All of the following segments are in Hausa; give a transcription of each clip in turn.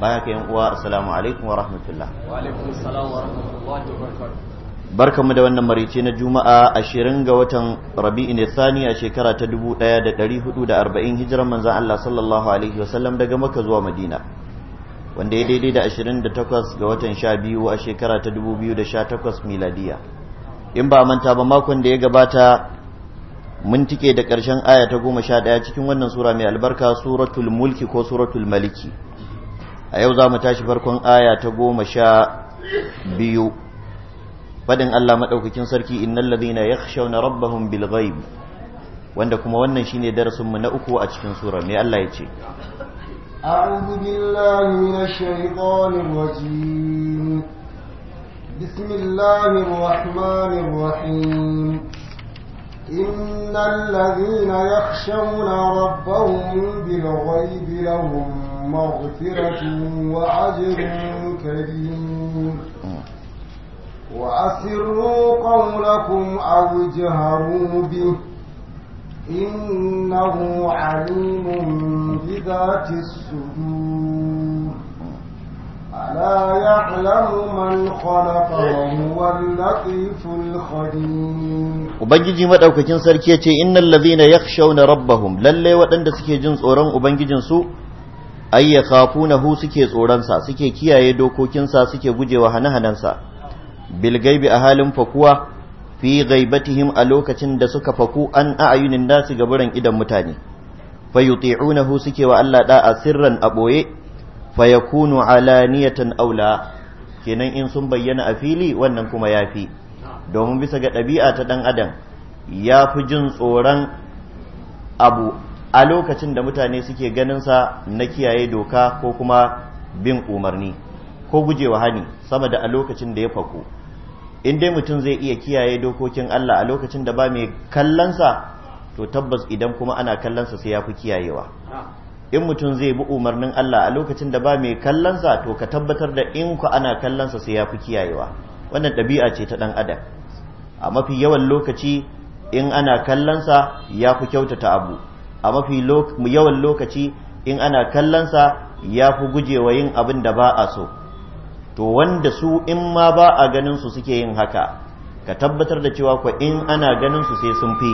baya ka yan uwa assalamu alaikum wa rahmatullah wa alaikum assalam wa rahmatullahi wa barakatuh barkamu da wannan marice na juma'a 20 ga watan rabi'in thani a shekara ta 1440 hijiran manzon Allah sallallahu alaihi wa sallam daga makka zuwa madina wanda ya daidai da 28 ga watan 12 a shekara ta 2018 miladiya in ba manta ba makon da ya gabata mun tike da ƙarshen aya ta 11 cikin wannan sura mai albarka suratul mulki ko suratul maliki a yau za mu tashi farkon aya ta goma sha biyu faɗin Allah maɗaukakin sarki innal ya yakhshawna na bil ghaib wanda kuma wannan shine darasin mu na uku a cikin sura me Allah ya ce a'udhu billahi minash shaitanir rajim bismillahir مغفرة وعجر كريم وأسروا قولكم أو جهروا به إنه عليم بذات الصدور ألا يعلم من خلق وهو اللطيف الخبير Ubangiji madaukakin sarki yace innal ladhina yakhshawna rabbahum lalle waɗanda suke jin tsoron ubangijin su ay yakhafunahu suke tsoronsa suke kiyaye dokokinsa suke gujewa hane-hanensa bil ghaibi a halin fakuwa fi gaibatihim a lokacin da suka faku an a'ayunin nasu gaburan idan mutane fa hu suke wa Allah a sirran a boye fa yakunu alaniyatan aula kenan in sun bayyana a fili wannan kuma yafi domin bisa ga ɗabi'a ta dan adam ya fi jin tsoron abu a lokacin da mutane suke ganinsa na kiyaye doka ko kuma bin umarni ko gujewa hani sama da a lokacin da ya fako in dai mutum zai iya kiyaye dokokin Allah a lokacin da ba mai kallonsa to tabbas idan kuma ana kallonsa sai ya fi kiyayewa in mutum zai bi umarnin Allah a lokacin da ba mai kallonsa to ka tabbatar da in ku ana kallonsa sai ya fi kiyayewa wannan ɗabi'a ce ta ɗan adam a mafi yawan lokaci in ana kallonsa ya fi kyautata abu a mafi yawan lokaci in ana kallonsa ya fi gujewa yin abin da ba a so to wanda su in ma ba a ganin su suke yin haka ka tabbatar da cewa ko in ana ganin su sai sun fi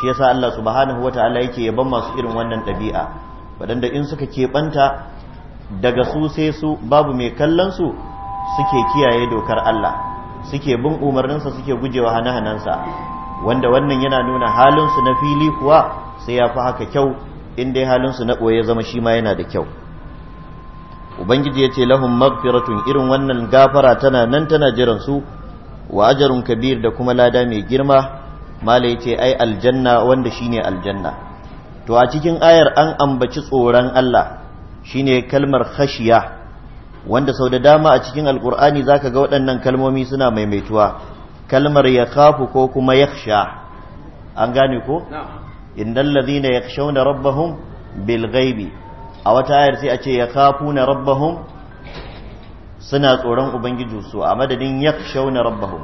shi yasa Allah subhanahu wataala yake yaban masu irin wannan ɗabi'a waɗanda in suka keɓanta daga su sai su babu mai kallon su suke kiyaye dokar Allah suke bin umarninsa suke gujewa hane-hanensa wanda wannan yana nuna halin su na fili kuwa sai ya fi haka kyau in dai halinsu na ɓoye zama shi ma yana da kyau ubangiji ya ce lahun magfiratun irin wannan gafara tana nan tana jiran su wa ajarun kabir da kuma lada mai girma mala ya ce ai aljanna wanda shine aljanna to a cikin ayar an ambaci tsoron Allah shine kalmar khashiya wanda sau da dama a cikin alkur'ani za ka ga waɗannan kalmomi suna maimaituwa kalmar ya kafu ko kuma sha an gane ko innal ladhina yakhshawna rabbahum bil ghaibi a wata ayar sai a ce yakafuna rabbahum suna tsoron ubangiji su a madadin yakhshawna rabbahum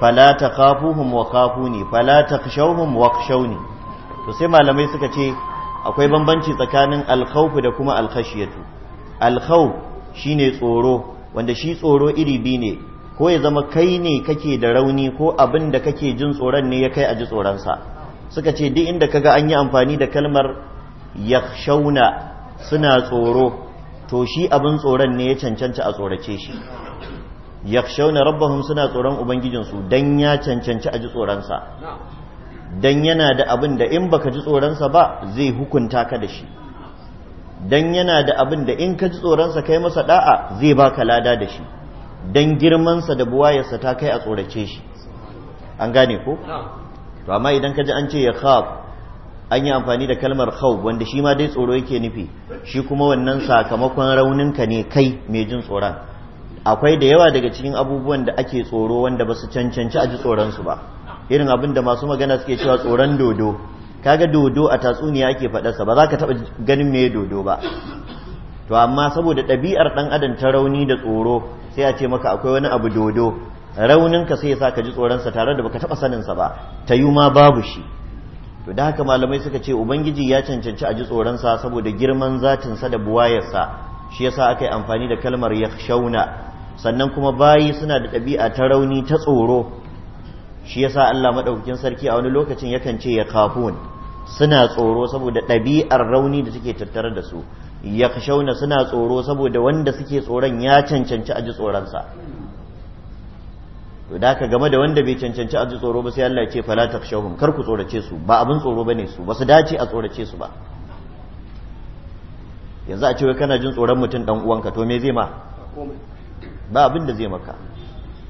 fala takhafuhum wa khafuni fala takhshawhum wa khshawni to sai malamai suka ce akwai bambanci tsakanin alkhawf da kuma alkhashiyatu alkhawf shine tsoro wanda shi tsoro iri biyu ne ko ya zama kai ne kake da rauni ko abin da kake jin tsoron ne ya kai a ji tsoronsa suka ce duk inda kaga an yi amfani da kalmar yakhshawna suna tsoro to shi abin tsoron ne ya cancanci a tsorace shi yakhshawna rabbahum suna tsoron ubangijinsu dan ya cancanci a ji tsoronsa dan yana da abin da in baka ji tsoronsa ba zai hukunta ka da shi dan yana da abin da in ka ji tsoronsa kai masa da'a zai baka lada da shi dan girmansa da buwayarsa ta kai a tsorace shi an gane ko to amma idan ka ji an ce ya khaf an yi amfani da kalmar khawf wanda shi ma dai tsoro yake nufi shi kuma wannan sakamakon raunin ka ne kai mai jin tsoron akwai da yawa daga cikin abubuwan da ake tsoro wanda ba su cancanci a ji tsoron su ba irin abin da masu magana suke cewa tsoron dodo kaga dodo a tatsuniya ake faɗarsa ba za ka taɓa ganin me dodo ba to amma saboda ɗabi'ar ɗan adam ta rauni da tsoro sai a ce maka akwai wani abu dodo rauninka sai ya sa ka ji tsoronsa tare da baka taɓa saninsa ba ta yi ma babu shi to da haka malamai suka ce ubangiji ya cancanci a ji tsoronsa saboda girman zatinsa da buwayarsa shi yasa aka yi amfani da kalmar shauna sannan kuma bayi suna da ɗabi'a ta rauni ta tsoro shi yasa Allah madaukakin sarki a wani lokacin yakan ce ya kafun suna tsoro saboda ɗabi'ar rauni da take tattare da su shauna suna tsoro saboda wanda suke tsoron ya cancanci a ji tsoronsa to da ka game da wanda bai cancanci a ji tsoro ba sai Allah ya ce fala takshawhum kar ku tsorace su ba abin tsoro bane su ba su dace a tsorace su ba yanzu a ce wai kana jin tsoron mutum dan uwanka to me zai ma ba abin da zai maka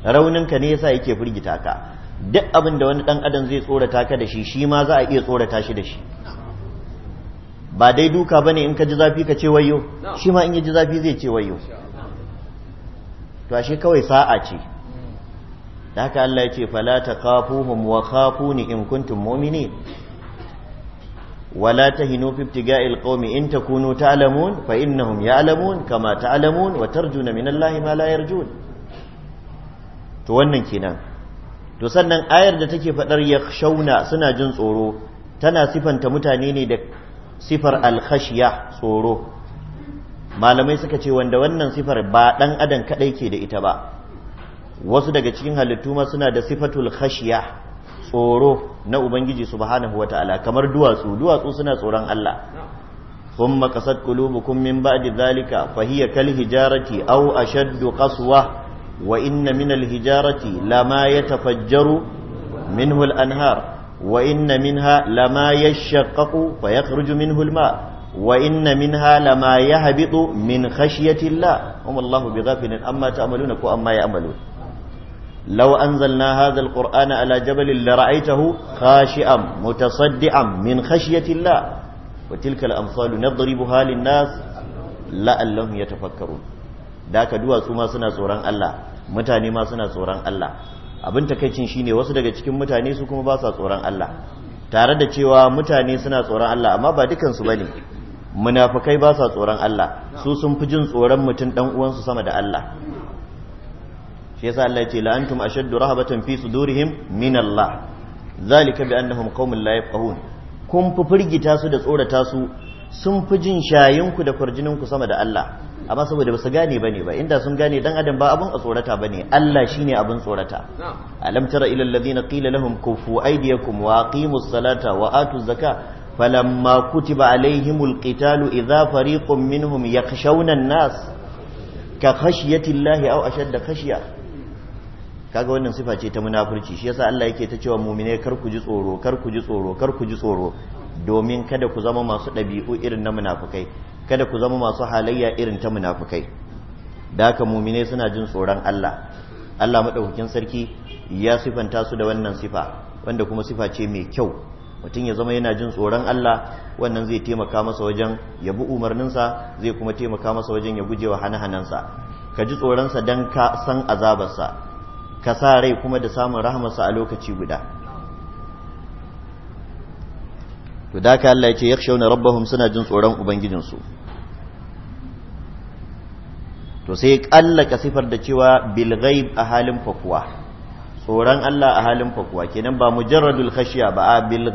raunin ka ne yasa yake firgita ka duk abin da wani dan adam zai tsorata ka da shi shi ma za a iya tsorata shi da shi ba dai duka bane in ka ji zafi ka ce wayo shi ma in ya ji zafi zai ce wayo to ashe kawai sa'a ce da haka Allah ya ce fala taqafuhum wa khafuni in kuntum mu'minin ta تهنوا في ابتغاء القوم إن تكونوا تعلمون فإنهم يعلمون كما تعلمون وترجون من الله ma لا يرجون to wannan kenan to sannan ayar da take fadar shauna suna jin tsoro tana sifanta mutane ne da sifar alkhashiya tsoro malamai suka ce wanda wannan sifar ba dan adam kadai ke da ita ba wasu daga cikin halittu ma suna da sifatul khashiya tsoro na ubangiji subhanahu wata'ala kamar duwatsu duwatsu suna tsoron Allah thumma qasat qulubukum min ba'di dhalika fa hiya kal hijarati aw ashadd qaswa wa inna min al hijarati lama yatafajjaru minhu al anhar wa inna minha lama yashaqqaqu fa yakhruju minhu al ma' wa inna minha lama yahbitu min khashyati Allah umallahu bighafilin amma ta'maluna ku amma ya'malun لو أنزلنا هذا القرآن على جبل لرأيته خاشئا متصدعا من خشية الله وتلك الأمثال نضربها للناس لعلهم يتفكرون ذاك دوا سما سنا سوران الله mutane ma suna tsoron Allah abin takaicin shine wasu daga cikin mutane su kuma ba sa tsoron Allah tare da cewa mutane suna tsoron Allah amma ba dukan su bane munafikai ba sa tsoron Allah su sun fi jin tsoron mutum dan uwansu sama da Allah shi yasa Allah ya ce la ashaddu rahabatan fi sudurihim min Allah zalika bi annahum qaumun la yafqahun kun fi firgita su da tsorata su sun fi jin shayin ku da farjinin ku sama da Allah amma saboda ba su gane bane ba inda sun gane dan adam ba abun a tsorata bane Allah shine abun tsorata alam tara ila alladhina qila lahum kufu aydiyakum wa aqimus salata wa atuz zakata فلما كتب عليهم القتال إذا فريق منهم يخشون الناس كخشية الله أو أشد خشية kaga wannan sifa ce ta munafurci shi yasa Allah yake ta cewa mu'mine kar ku ji tsoro kar ku ji tsoro kar ku ji tsoro domin kada ku zama masu dabi'u irin na munafukai kada ku zama masu halayya irin ta munafukai da haka mu'mine suna jin tsoron Allah Allah madaukakin sarki ya sifanta su da wannan sifa wanda kuma sifa ce mai kyau mutum ya zama yana jin tsoron Allah wannan zai taimaka masa wajen ya bi umarninsa zai kuma taimaka masa wajen ya gujewa hana-hanansa ka ji tsoronsa dan ka san azabarsa ka sa rai kuma da samun rahamarsa a lokaci guda to da ka Allah ya ce yakhshawna rabbahum suna jin tsoron ubangijinsu to sai ka sifar da cewa bil a halin fakuwa tsoron Allah a halin fakuwa kenan ba mujarradul khashiya ba a bil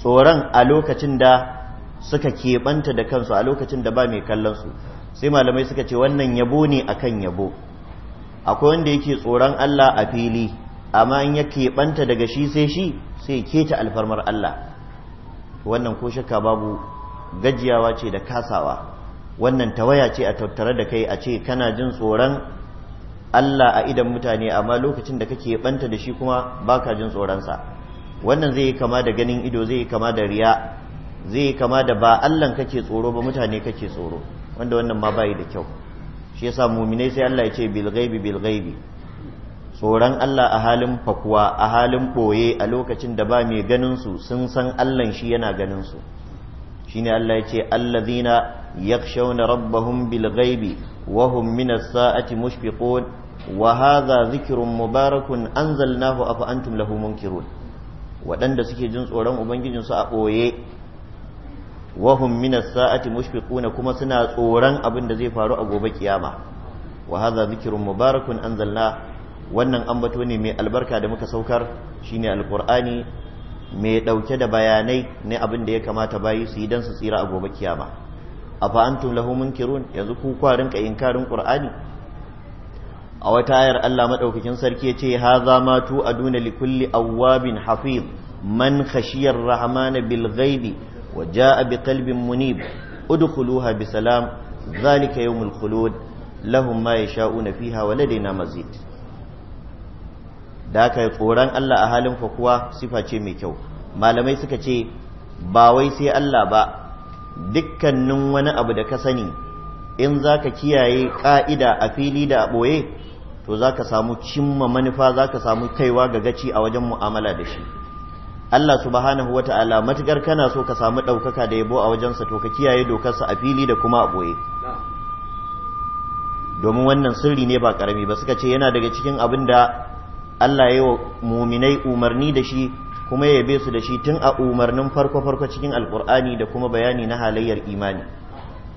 tsoron a lokacin da suka keɓanta da kansu a lokacin da ba mai kallon su sai malamai suka ce wannan yabo ne akan yabo akwai wanda yake tsoron Allah a fili amma in yake keɓanta daga shi sai shi sai keta alfarmar Allah wannan ko shakka babu gajiyawa ce da kasawa wannan tawaya ce a tattare da kai a ce kana jin tsoron Allah a idan mutane amma lokacin da kake banta da shi kuma baka jin tsoronsa wannan zai kama da ganin ido zai kama da riya zai kama da ba Allah kake tsoro ba mutane kake tsoro wanda wannan ma bayi da kyau shi yasa muminai sai Allah ya ce bilgaibi bilgaibi tsoron Allah a halin fakuwa a halin ɓoye a lokacin da ba mai ganin su sun san Allah shi yana ganin su shine Allah ya ce allazina yakhshawna rabbahum bil ghaibi wa hum min as-sa'ati mushfiqun wa hadha dhikrun mubarakun anzalnahu afa antum lahu munkirun waɗanda suke jin tsoron ubangijinsu a ɓoye wahum minas sa'ati mushfiquna kuma suna tsoron abin da zai faru a gobe kiyama wa hadha dhikrun mubarakun anzalna wannan ambato ne mai albarka da muka saukar shine alqur'ani mai dauke da bayanai na abin da ya kamata bayi su yi dan su tsira a gobe kiyama afa antum lahu munkirun yanzu ku kwarin ka inkarin qur'ani a wata ayar Allah maɗaukakin sarki ce haza ma tu aduna Likulli, kulli awwabin hafiz man khashiyar rahmana bil ghaibi وجاء بقلب منيب ادخلوها بسلام ذلك يوم الخلود لهم ما يشاءون فيها ولدينا مزيد da aka yi tsoron Allah a halin fa kuwa sifa ce mai kyau malamai suka ce ba wai sai Allah ba dukkanin wani abu da ka sani in za ka kiyaye ƙa'ida a fili da a ɓoye to za ka samu cimma manufa za ka samu kaiwa ga gaci a wajen mu'amala da shi Allah subhanahu wa ta'ala matukar kana so ka samu ɗaukaka da yabo a wajensa to ka kiyaye dokarsa a fili da kuma a ɓoye domin wannan sirri ne ba ƙarami ba suka ce yana daga cikin abin da Allah ya yi wa muminai umarni da shi kuma ya yabe su da shi tun a umarnin farko-farko cikin alƙur'ani da kuma bayani na halayyar imani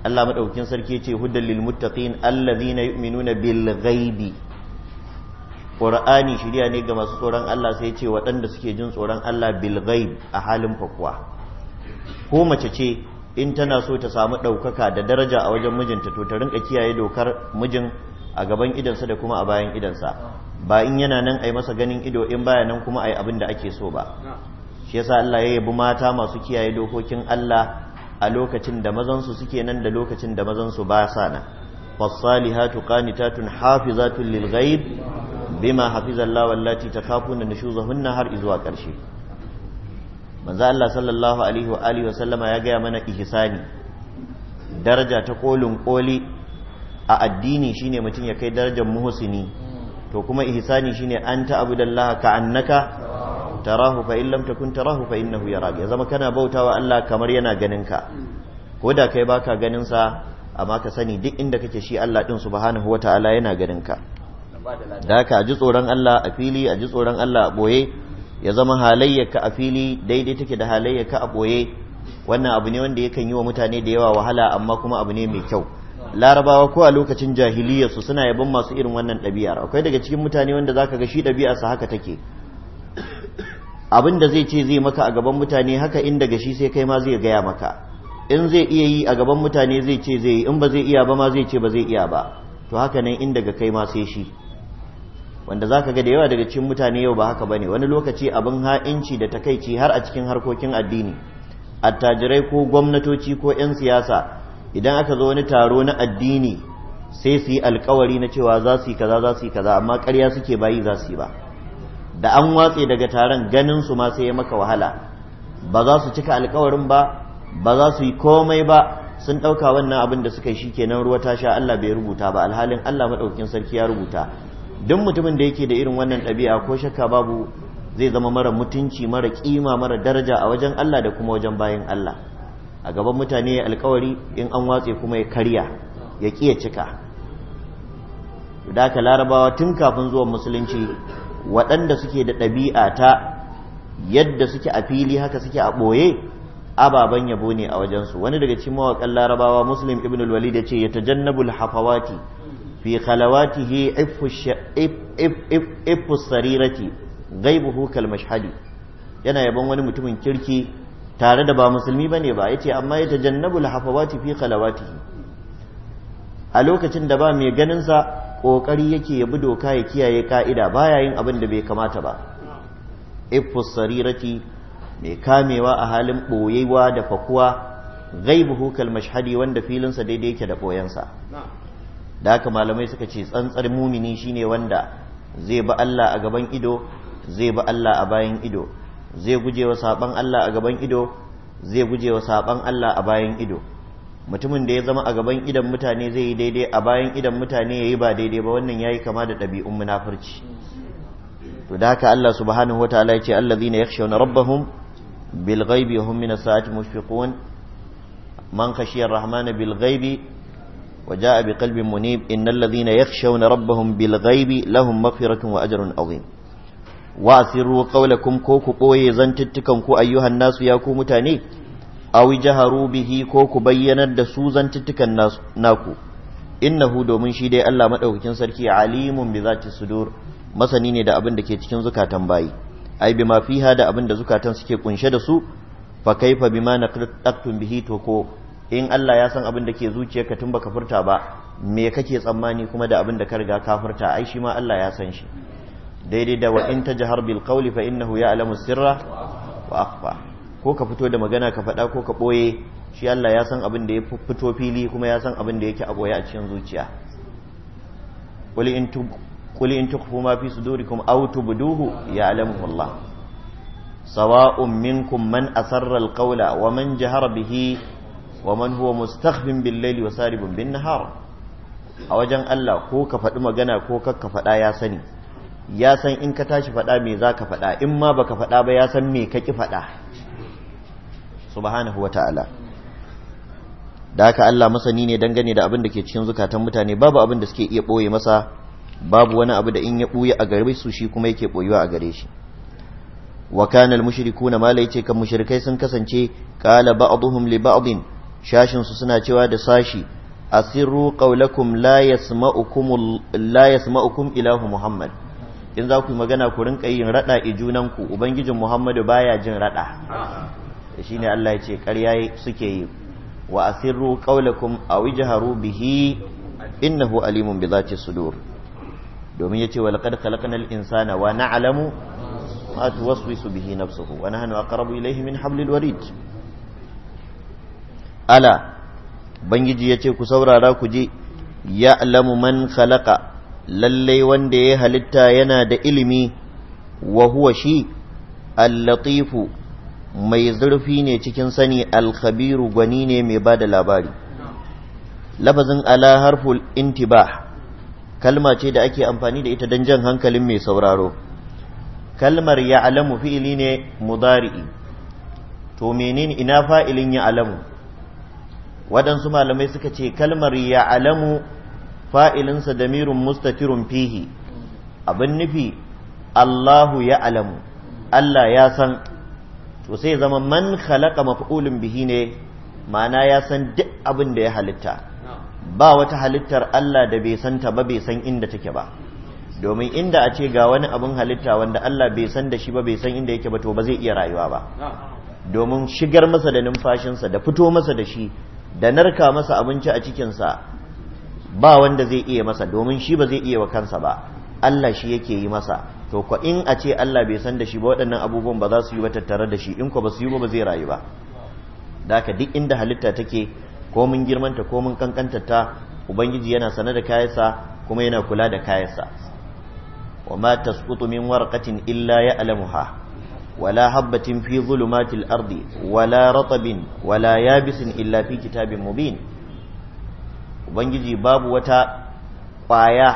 Allah maɗaukin sarki ce hudan lil muttaqin allazina yu'minuna bil ghaibi qur'ani shirya ne ga masu tsoron Allah sai ce waɗanda suke jin tsoron Allah bilgai a halin fakuwa ko mace ce in tana so ta samu ɗaukaka da daraja a wajen mijinta to ta rinka kiyaye dokar mijin a gaban idansa da kuma a bayan idansa ba in yana nan a yi masa ganin ido in baya nan kuma yi abin da ake so ba shi yasa Allah ya yabi mata masu kiyaye dokokin Allah a lokacin da mazansu suke nan da lokacin da mazansu ba sa nan fasalihatu qanitatun hafizatun lil bima hafizallahu allati takafuna nushuzahunna har izuwa karshe manzo Allah sallallahu alaihi wa alihi wa sallama ya gaya mana ihsani daraja ta kolin koli a addini shine mutum ya kai darajar muhsini to kuma ihsani shine anta abudallaha ka annaka tarahu fa in takun tarahu fa innahu yarak ya zama kana bautawa Allah kamar yana ganin ka ko da kai baka ganin sa amma ka sani duk inda kake shi Allah din subhanahu wataala yana ganin ka da haka a ji tsoron Allah a fili a ji tsoron Allah a boye ya zama halayyarka a fili daidai take da halayyarka a boye wannan abu ne wanda yakan yi wa mutane da yawa wahala amma kuma abu ne mai kyau larabawa ko a lokacin jahiliya su suna yabon masu irin wannan ɗabi'ar akwai daga cikin mutane wanda zaka ga shi sa haka take abin da zai ce zai maka a gaban mutane haka in daga shi sai kai ma zai gaya maka in zai iya yi a gaban mutane zai ce zai yi in ba zai iya ba ma zai ce ba zai iya ba to haka nan inda ga kai ma sai shi wanda za ka ga da yawa daga cikin mutane yau ba haka ba ne wani lokaci abin ha'inci da takaici har a cikin harkokin addini attajirai ko gwamnatoci ko 'yan siyasa idan aka zo wani taro na addini sai su yi alkawari na cewa za su yi kaza za su yi kaza amma karya suke bayi za su yi ba da an watse daga taron ganin su ma sai ya maka wahala ba za su cika alkawarin ba ba za su yi komai ba sun ɗauka wannan abin da suka yi shi kenan ruwa ta sha Allah bai rubuta ba alhalin Allah maɗaukin sarki ya rubuta don mutumin da yake da irin wannan ɗabi'a ko shakka babu zai zama mara mutunci mara ƙima, mara daraja a wajen Allah da kuma wajen bayan Allah a gaban mutane ya alkawari in an watse kuma ya karya ya ƙiya cika da larabawa tun kafin zuwan musulunci waɗanda suke da ɗabi'a ta yadda suke a fili haka suke a ɓoye ababen yabo ne a wajensu wani daga cikin mawaƙan larabawa muslim ibn walid ya ce ya tajannabul hafawati fi khalawatihi ifu sarirati gaibuhu kal yana yaban wani mutumin kirki tare da ba musulmi bane ba yace amma ya jannabu hafawati fi khalawatihi a lokacin da ba mai ganinsa ƙoƙari yake ya bi doka ya kiyaye ka'ida baya yin abin da bai kamata ba ifu sarirati mai kamewa a halin ɓoyewa da fakuwa gaibuhu kal wanda filinsa daidai yake da ɓoyensa. da haka malamai suka ce tsantsar mumini shine wanda zai ba Allah a gaban ido zai ba Allah a bayan ido zai gujewa saban Allah a gaban ido zai gujewa saban Allah a bayan ido mutumin da ya zama a gaban idan mutane zai yi daidai a bayan idan mutane yayi ba daidai ba wannan yayi kama da ɗabi'un munafurci to da haka Allah subhanahu wataala ya ce allazina yakhshawna rabbahum bil ghaibi hum min as-saati mushfiqun man khashiya ar-rahmana bil ghaibi وجاء بقلب منيب إن الذين يخشون ربهم بالغيب لهم مغفرة وأجر عظيم وأسروا قولكم كوكو قوي زنتتكم كو أيها الناس ياكو متاني أو جهروا به كوكو بينا دسو زنتتك الناس ناكو إنه دومن شيدي ألا مدعو كنسركي عليم بذات الصدور مسنين دا أبن دكي تكن زكاة باي أي بما فيها دا أبن دا زكاة سكي قنشد سو فكيف بما نقلت أكتم به توكو in Allah ya san abin da ke ka tun baka furta ba me kake tsammani kuma da abin da ka riga ka furta ai shi ma Allah ya san shi daidai da wa in tajhar bil qawli fa innahu ya'lamu sirra wa akhfa ko ka fito da magana ka faɗa ko ka boye shi Allah ya san abin da ya fito fili kuma ya san abin da yake a ɓoye a cikin zuciya Kuli in tu qul in tukhfu ma fi sudurikum aw tubduhu ya'lamu Allah sawa'un minkum man asarra al qawla wa man jahara bihi wa man huwa mustakhfin bil layli wa saribun bin nahar a wajen Allah ko ka faɗi magana ko ka faɗa ya sani ya san in ka tashi faɗa me za ka faɗa in ma baka faɗa ba ya san me ka ki faɗa subhanahu wata'ala da haka Allah masani ne dangane da abin da ke cikin zukatan mutane babu abin da suke iya boye masa babu wani abu da in ya ɓuya a gare su shi kuma yake boyewa a gare shi wa kana al mushrikuna yace kan mushrikai sun kasance qala ba'dhum li ba'din shashin su suna cewa da sashi asirru qaulakum la yasma'ukum la yasma'ukum ilahu muhammad in za ku yi magana ku rinka yin rada i junanku ubangijin muhammadu baya jin rada shine Allah ya ce ƙarya suke yi wa asirru qaulakum aw ijharu bihi innahu alimun bi dhati sudur domin yace wa laqad khalaqnal insana wa na'lamu ma tuwaswisu bihi nafsuhu wa nahnu aqrabu ilayhi min hablil warid ala bangiji ya ce ku saurara ku ji ya alamu man khalaqa lallai wanda ya halitta yana da ilimi wa huwa shi allatifu mai zurfi ne cikin sani alkhabiru gwani ne mai ba da labari lafazin ala harful intibah kalma ce da ake amfani da ita don jan hankalin mai sauraro kalmar ya alamu fi'ili ne mudari'i to menene ina fa'ilin ya alamu waɗansu malamai suka ce kalmar ya alamu fa'ilinsa da damirun mustatirun fihi abin nufi Allahu ya alamu Allah ya san to sai zama man halaka maf'ulun bihi ne ma'ana ya san duk abin da ya halitta ba wata halittar Allah da bai san ta ba bai san inda take ba domin inda a ce ga wani abin halitta wanda Allah bai san da shi ba bai san inda yake ba to ba zai iya rayuwa ba domin shigar masa da numfashinsa da fito masa da shi da narka masa abinci a cikinsa ba wanda zai iya masa domin shi ba zai iya wa kansa ba Allah shi yake yi masa to ko in a ce Allah bai san da shi ba waɗannan abubuwan ba za su yi ba tattare da shi in ko ba su yi ba zai rayu ba da haka duk inda halitta take ko mun girmanta ko mun kankanta ta ubangiji yana sane da kayansa kuma yana kula da kayansa wa ma tasqutu min warqatin illa ya'lamuha ولا حبة في ظلمات الأرض ولا رطب ولا يابس إلا في كتاب مبين وبنجي باب وتا قايا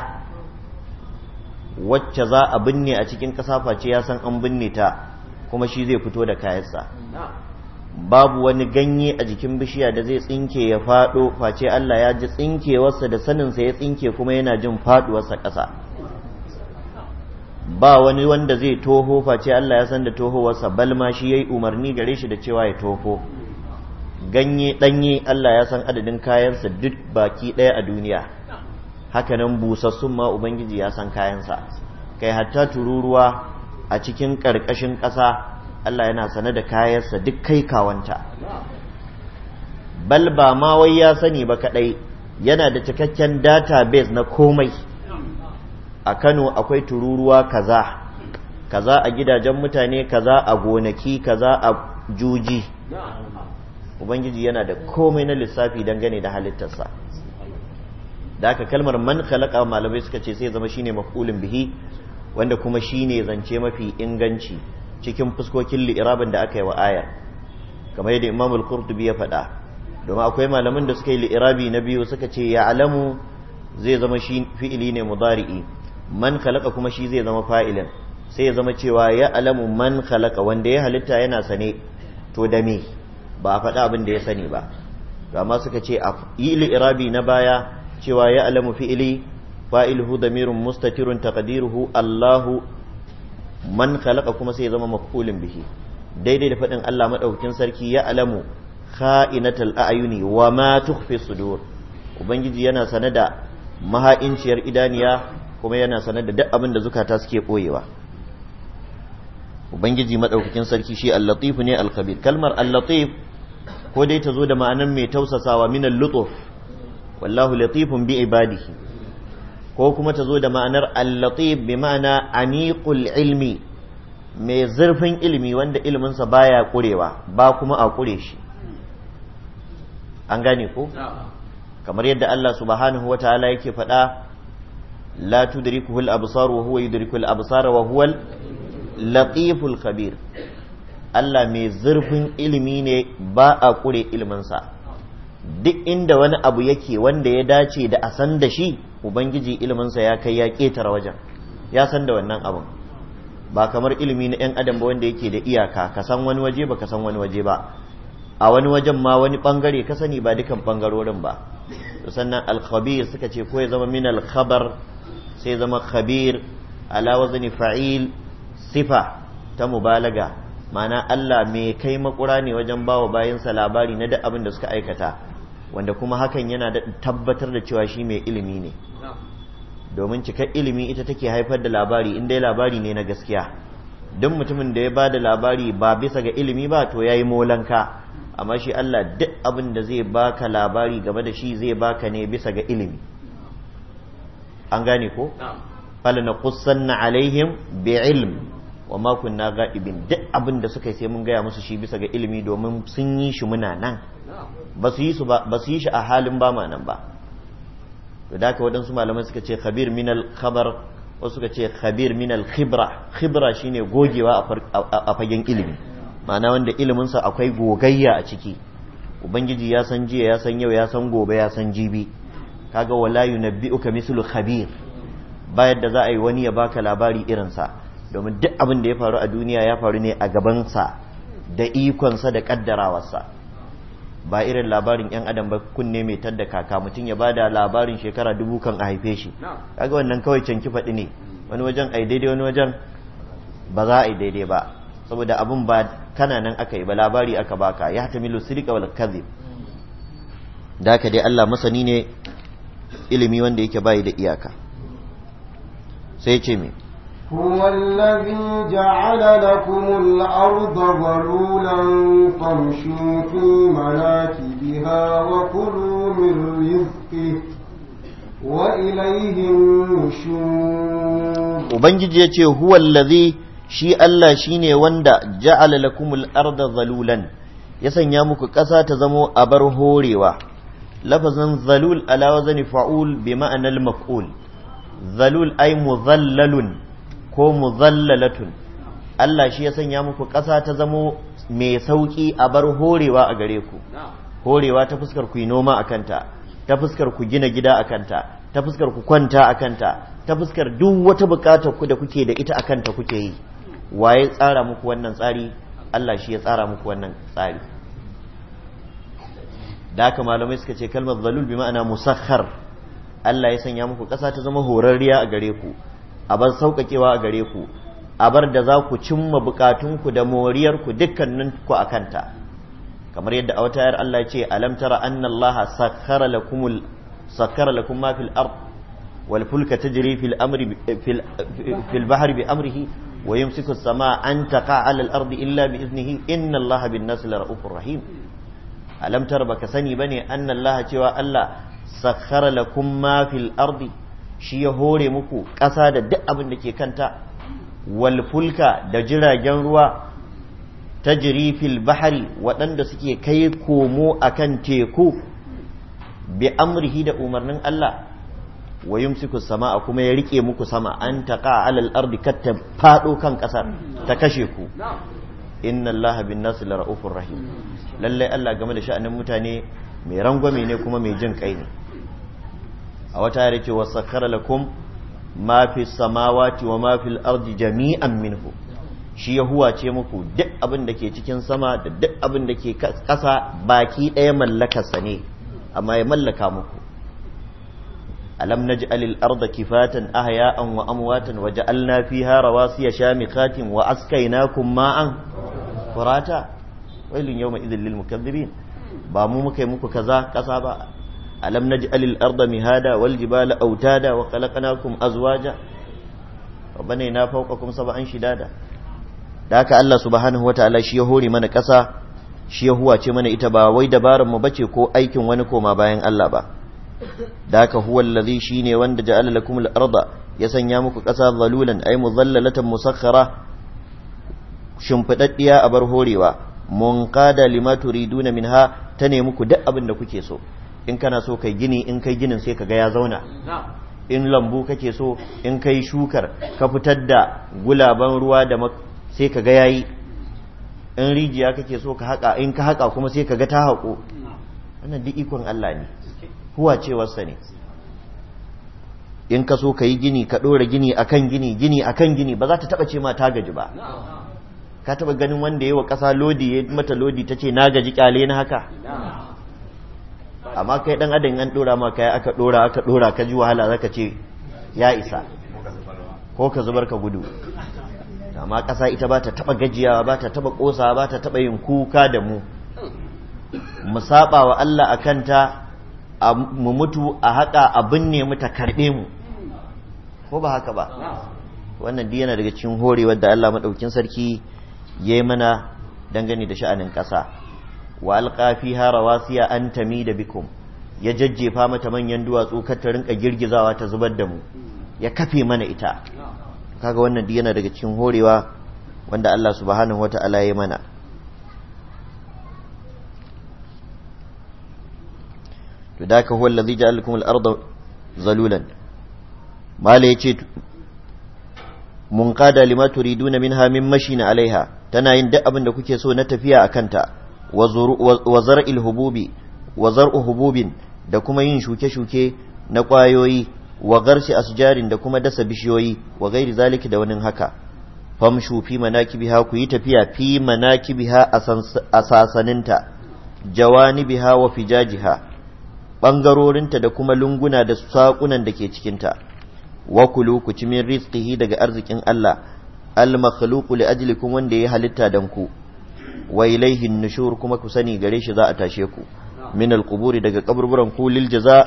wacce za a binne a cikin ƙasa ce ya san an binne ta kuma shi zai fito da kayansa babu wani ganye a jikin bishiya da zai tsinke ya faɗo face Allah ya ji tsinkewarsa da saninsa ya tsinke kuma yana jin faɗuwarsa ƙasa ba wani wanda zai toho face Allah ya san da tohowarsa bal ma shi yayi umarni gare shi da cewa ya toho ganye danye Allah ya san adadin kayansa duk baki daya a duniya Haka nan busassun ma ubangiji ya san kayansa kai hatta tururuwa a cikin karkashin ƙasa Allah yana sane da kayansa duk kai kawanta bal ba ma wai ya sani ba kadai yana da cikakken database na komai a Kano akwai tururuwa kaza kaza a gidajen mutane kaza a gonaki kaza a juji ubangiji yana da komai na lissafi dangane da halittarsa da aka kalmar man khalaqa malamai suka ce sai zama shine maf'ulun bihi wanda kuma shine zance mafi inganci cikin fuskokin li'irabin da aka yi wa 'ayar kamar yadda Imam al-Qurtubi ya faɗa domin akwai malaman da suka yi li'irabi na biyu suka ce ya alamu zai zama fi'ili ne mudari'i man khalaqa kuma shi zai zama fa'ilin sai ya zama cewa ya alamu man khalaqa wanda ya halitta yana sane to da me ba a faɗa abin da ya sani ba to amma suka ce a ili irabi na baya cewa ya alamu fi'ili fa'iluhu damirun mustatirun taqdiruhu Allahu man khalaqa kuma sai ya zama maf'ulin bihi daidai da faɗin Allah madaukakin sarki ya alamu kha'inatal a'yuni wa ma tukhfi sudur ubangiji yana sane da maha'inciyar idaniya kuma yana sanar da duk abin da zukata suke boyewa ubangiji maɗaukakin sarki shi al-latif ne al kabir kalmar al-latif ko dai ta zo da ma'anar mai tausasawa min al-lutuf wallahu latifun bi ibadihi ko kuma ta zo da ma'anar al-latif bi ma'ana aniqul ilmi mai zurfin ilimi wanda iliminsa baya kurewa ba kuma a kure shi an gane ko kamar yadda Allah subhanahu wataala ta'ala yake faɗa la tudrikuhu al-absar wa huwa yudriku al-absar wa huwa Allah mai zurfin ilimi ne ba kure duk inda wani abu yake wanda ya dace da a san da shi ubangiji ilminsa ya kai ya ketara wajen ya san da wannan abun ba kamar ilimi na 'yan adam ba wanda yake da iyaka ka san wani waje ba ka san wani waje ba a wani wajen ma wani bangare ka sani ba dukan bangarorin ba sannan alkhabir suka ce ko ya zama min alkhabar sai zama khabir ala wazni fa'il sifa ta mubalaga ma'ana Allah mai kai makura ne wajen bawa bayansa labari na duk abin da suka aikata wanda kuma hakan yana da tabbatar da cewa shi mai ilimi ne domin cikar ilimi ita take haifar da labari in dai labari ne na gaskiya duk mutumin da ya ba da labari ba bisa ga ilimi ba to yayi molanka amma shi Allah duk abin da zai baka labari game da shi zai baka ne bisa ga ilimi an gane ko fal na kusan na alaihim bi ilm wa ma kunna ga'ibin duk abin da suka yi sai mun gaya musu shi bisa ga ilimi domin sun yi shi muna nan ba su yi shi a halin ba ma nan ba to da waɗansu malamai suka ce khabir min al khabar wasu suka ce khabir min al khibra khibra shine gogewa a fagen ilimi ma'ana wanda iliminsa akwai gogayya a ciki ubangiji ya san jiya ya san yau ya san gobe ya san jibi kaga wala yunabbi'uka mislu khabir bayar da za a yi wani ya baka labari irinsa domin duk abin da ya faru a duniya ya faru ne a gaban sa da ikon sa da kaddarawarsa ba irin labarin yan adam ba kunne mai tadda kaka mutum ya bada labarin shekara dubu kan a haife shi kaga wannan kawai canki faɗi ne wani wajen ai daidai wani wajen ba za a yi daidai ba saboda abin ba kana nan aka yi ba labari aka baka ya tamilu sirqa wal kadhib da ka dai Allah masani ne ilimi wanda yake bayi da iyaka sai ce ja'ala هو yace, جعل malaki biha wa kulu min rizqi wa ilayhi nushur Ubangiji shi Allah shine wanda ja'ala lakumul arda zalulan ya sanya muku ƙasa ta zamo abar horewa lafazin zalul ala zani fa'ul bi ma'anar maf'ul zalul ai muzallalun ko muzallalatun Allah shi ya sanya muku ƙasa ta zamo mai sauƙi a bar horewa a gare ku horewa ta fuskar ku yi noma a kanta ta fuskar ku gina gida a kanta ta fuskar ku kwanta a kanta ta fuskar duk wata buƙatar ku da kuke da ita a kanta kuke yi waye tsara muku wannan tsari Allah shi ya tsara muku wannan tsari da haka malamai suka ce kalmar zalul bi ma'ana musakhar Allah ya sanya muku ƙasa ta zama horarriya a gare ku a bar sauƙaƙewa a gare ku a bar da za ku cimma buƙatunku da moriyarku dukkanin ku a kanta kamar yadda a wata yar Allah ce alam tara anna Allah sakhara lakumul sakhara lakum ma fil ard wal fulka tajri fil amri fil fil bahri bi amrihi wa yumsiku as-samaa an taqa 'ala al-ardi illa bi idnihi inna Allah bin nasi la rahim alamtar baka sani bane annallaha cewa Allah sakhara lakum ma fil ardi shi ya hore muku ƙasa da duk abin da ke kanta wal fulka da jiragen ruwa tajri fil bahri waɗanda suke kai komo akan teku bi amrihi da umarnin Allah wa yumsiku sama'a kuma ya rike muku sama an taqa alal ardi katta fado kan kasar ta kashe ku inna allaha bin nasi la rahim lallai Allah game da sha'anin mutane mai rangwame ne kuma mai jin kai ne a wata yare ce wa sakkara mafi samawati wa mafi arzi jami'an minhu shi ya huwace muku duk abin da ke cikin sama da duk abin da ke ƙasa baki ɗaya mallakarsa ne amma ya mallaka muku alam Ali al-ardha kifatan ahya'an wa amwatan wa ja'alna fiha rawasiya shamikatin wa askaynakum ma'an furata wailun yawma idhil lil mukaththibin ba mu muka yi muku kaza kasa ba alam naj'al al arda mihada wal jibala autada wa khalaqnakum na fauka kuma Saba'an shidada da haka Allah subhanahu wataala shi ya hore mana kasa shi ya ce mana ita ba wai dabaran mu bace ko aikin wani koma bayan Allah ba da haka huwa shi shine wanda ja'ala lakum al arda ya sanya muku kasa zalulan ay mudhallalatan musakhkhara shimfiɗaɗɗiya a bar horewa Mun munqada lima turiduna minha ta nemi ku duk abin da kuke so in kana so kai gini in kai ginin sai kaga ya zauna in lambu kake so in kai shukar ka fitar da gulaban ruwa da sai kaga yayi in rijiya kake so ka haka in ka haka kuma sai kaga ta hako wannan duk ikon Allah ne huwa cewarsa ne in ka so ka yi gini ka ɗora gini akan gini gini akan gini ba za ta taɓa ce ma ta gaji ba ka taba ganin wanda yi wa ƙasa lodi ya mata lodi ta ce na gaji ƙyale na haka amma kai ɗan adin an ɗora ma kai aka ɗora aka ɗora ka ji wahala ka ce ya isa ko ka zubar ka gudu amma ƙasa ita ba ta taɓa gajiyawa ba ta taɓa ƙosa ba ta taɓa yin kuka da mu mu saba wa Allah a kanta mu mutu a haka abin ne mu ta karɓe mu ko ba haka ba wannan duk yana daga cikin horewar da Allah maɗaukin sarki yi mana dangane da sha'anin ƙasa wa alƙafi fiha rawasiya an da bikum ya jajjefa mata manyan duwatsu kar ta rinka girgizawa ta zubar da mu ya kafe mana ita kaga wannan yana daga cikin horewa wanda Allah subhanahu ta’ala ya mana to da ka huwa allazi ja'alakum al-ardha zalulan mala yace mun lima turiduna minha min mashina alaiha tana yin duk abin da kuke so na tafiya a kanta wa zar'il hububi wa zar'u hububin da kuma yin shuke-shuke na ƙwayoyi wa garshi asjarin da kuma dasa bishiyoyi wa gairi zaliki da wani haka famshu fi manakibiha ku yi tafiya fi manakibiha a sasaninta jawanibiha wa fijajiha bangarorinta da kuma lunguna da saƙunan da ke cikinta wa kulu ku ci min rizqihi daga arzikin Allah al-makhluqu li wanda ya halitta dan ku wa ilayhi nushur kuma ku sani gare shi za a tashe ku min al-quburi daga kaburburan ku lil jaza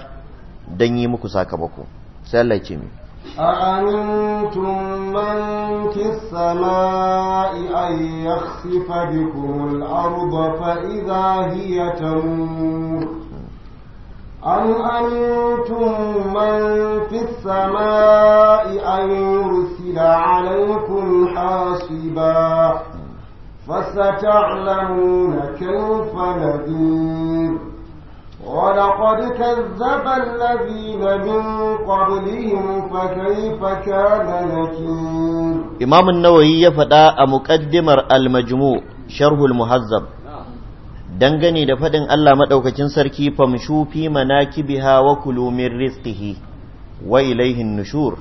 dan yi muku sakamako sai Allah ya ce mi أأمنتم من في السماء أن يخسف بكم الأرض فإذا هي أم أنتم من في السماء أن يرسل عليكم حاصبا فستعلمون كيف نذير ولقد كذب الذين من قبلهم فكيف كان نكير إمام النووي يفدى مقدمر المجموع شرح المهذب dangane da faɗin Allah maɗaukakin sarki famshu fi manakibiha wa kulu min rizqihi wa ilaihin nushur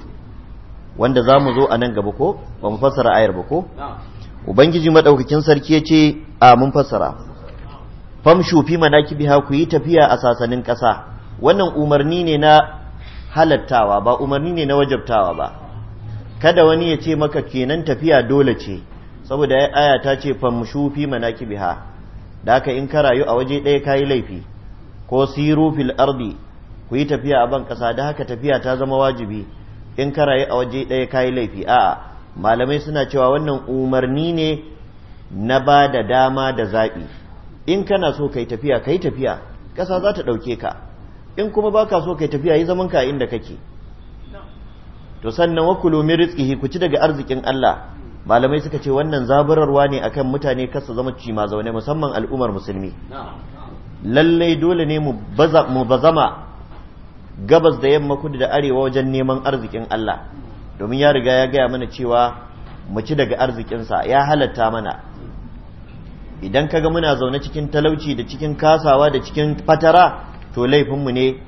wanda za mu zo a nan gaba ko ba mu fassara ayar ba ko ubangiji maɗaukakin sarki ya ce a mun fassara famshu fi manakibiha ku yi tafiya a sasanin ƙasa wannan umarni ne na halattawa ba umarni ne na wajabtawa ba kada wani ya ce maka kenan tafiya dole ce saboda aya ta ce famshu fi manakibiha da aka in ka rayu a waje ɗaya kayi laifi ko siru fil ardi ku yi tafiya a ban ƙasa da haka tafiya ta zama wajibi in ka rayu a waje ɗaya kayi laifi a'a malamai suna cewa wannan umarni ne na ba da dama da zaɓi in kana so kai tafiya kai tafiya ƙasa za ta ɗauke ka in kuma baka so kai tafiya yi zaman ka inda kake to sannan wakulu min ku ci daga arzikin Allah malamai suka ce wannan zaburarwa ne akan mutane kasa zama cima zaune musamman al'ummar musulmi lallai dole ne mu bazama gabas da yamma kudu da arewa wajen neman arzikin Allah domin ya riga ya gaya mana cewa mu ci daga arzikinsa ya halatta mana idan ka ga muna zaune cikin talauci da cikin kasawa da cikin fatara to laifinmu ne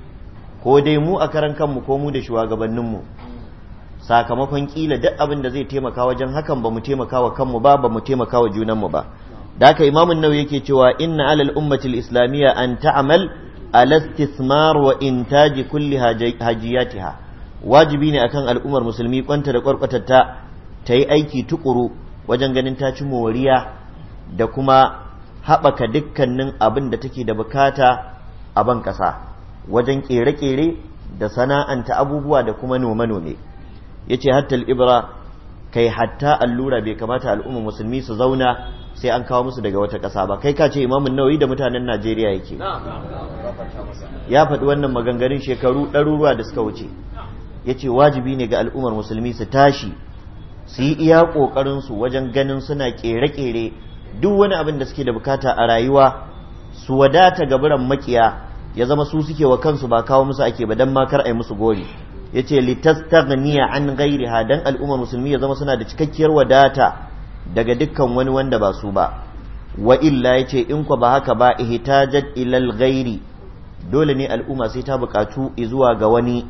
ko dai mu a karan kanmu ko mu da shugabanninmu sakamakon kila duk abin da zai taimaka wajen hakan ba mu taimaka wa kanmu ba ba mu taimaka wa junanmu ba da haka imamun nawawi yake cewa inna alal ummatil islamiyya an ta'mal ala in wa intaj kulli hajiyatiha wajibi ne akan al'ummar musulmi kwanta da kwarkwatatta ta yi aiki tukuru wajen ganin ta ci moriya da kuma haɓaka dukkanin abin da take da bukata a ban ƙasa wajen ƙere-ƙere da sana'anta abubuwa da kuma nome-nome yace hatta al-ibra kai hatta allura bai kamata al'umma musulmi su zauna sai an kawo musu daga wata ƙasa ba kai ka ce imamun nawawi da mutanen najeriya yake ya faɗi wannan maganganun shekaru ɗaruruwa da suka wuce yace wajibi ne ga al'ummar musulmi su tashi su yi iya su wajen ganin suna ƙere-ƙere duk wani abin da suke da bukata a rayuwa su wadata gaburan makiya ya zama su suke wa kansu ba kawo musu ake ba don ma kar a yi musu gori yace niya an ghairiha dan al'ummar musulmi ya zama suna da cikakkiyar wadata daga dukkan wani wanda ba su ba wa illa yace in ku ba haka ba ihtajat ilal gairi dole ne al'umma sai ta buƙatu zuwa ga wani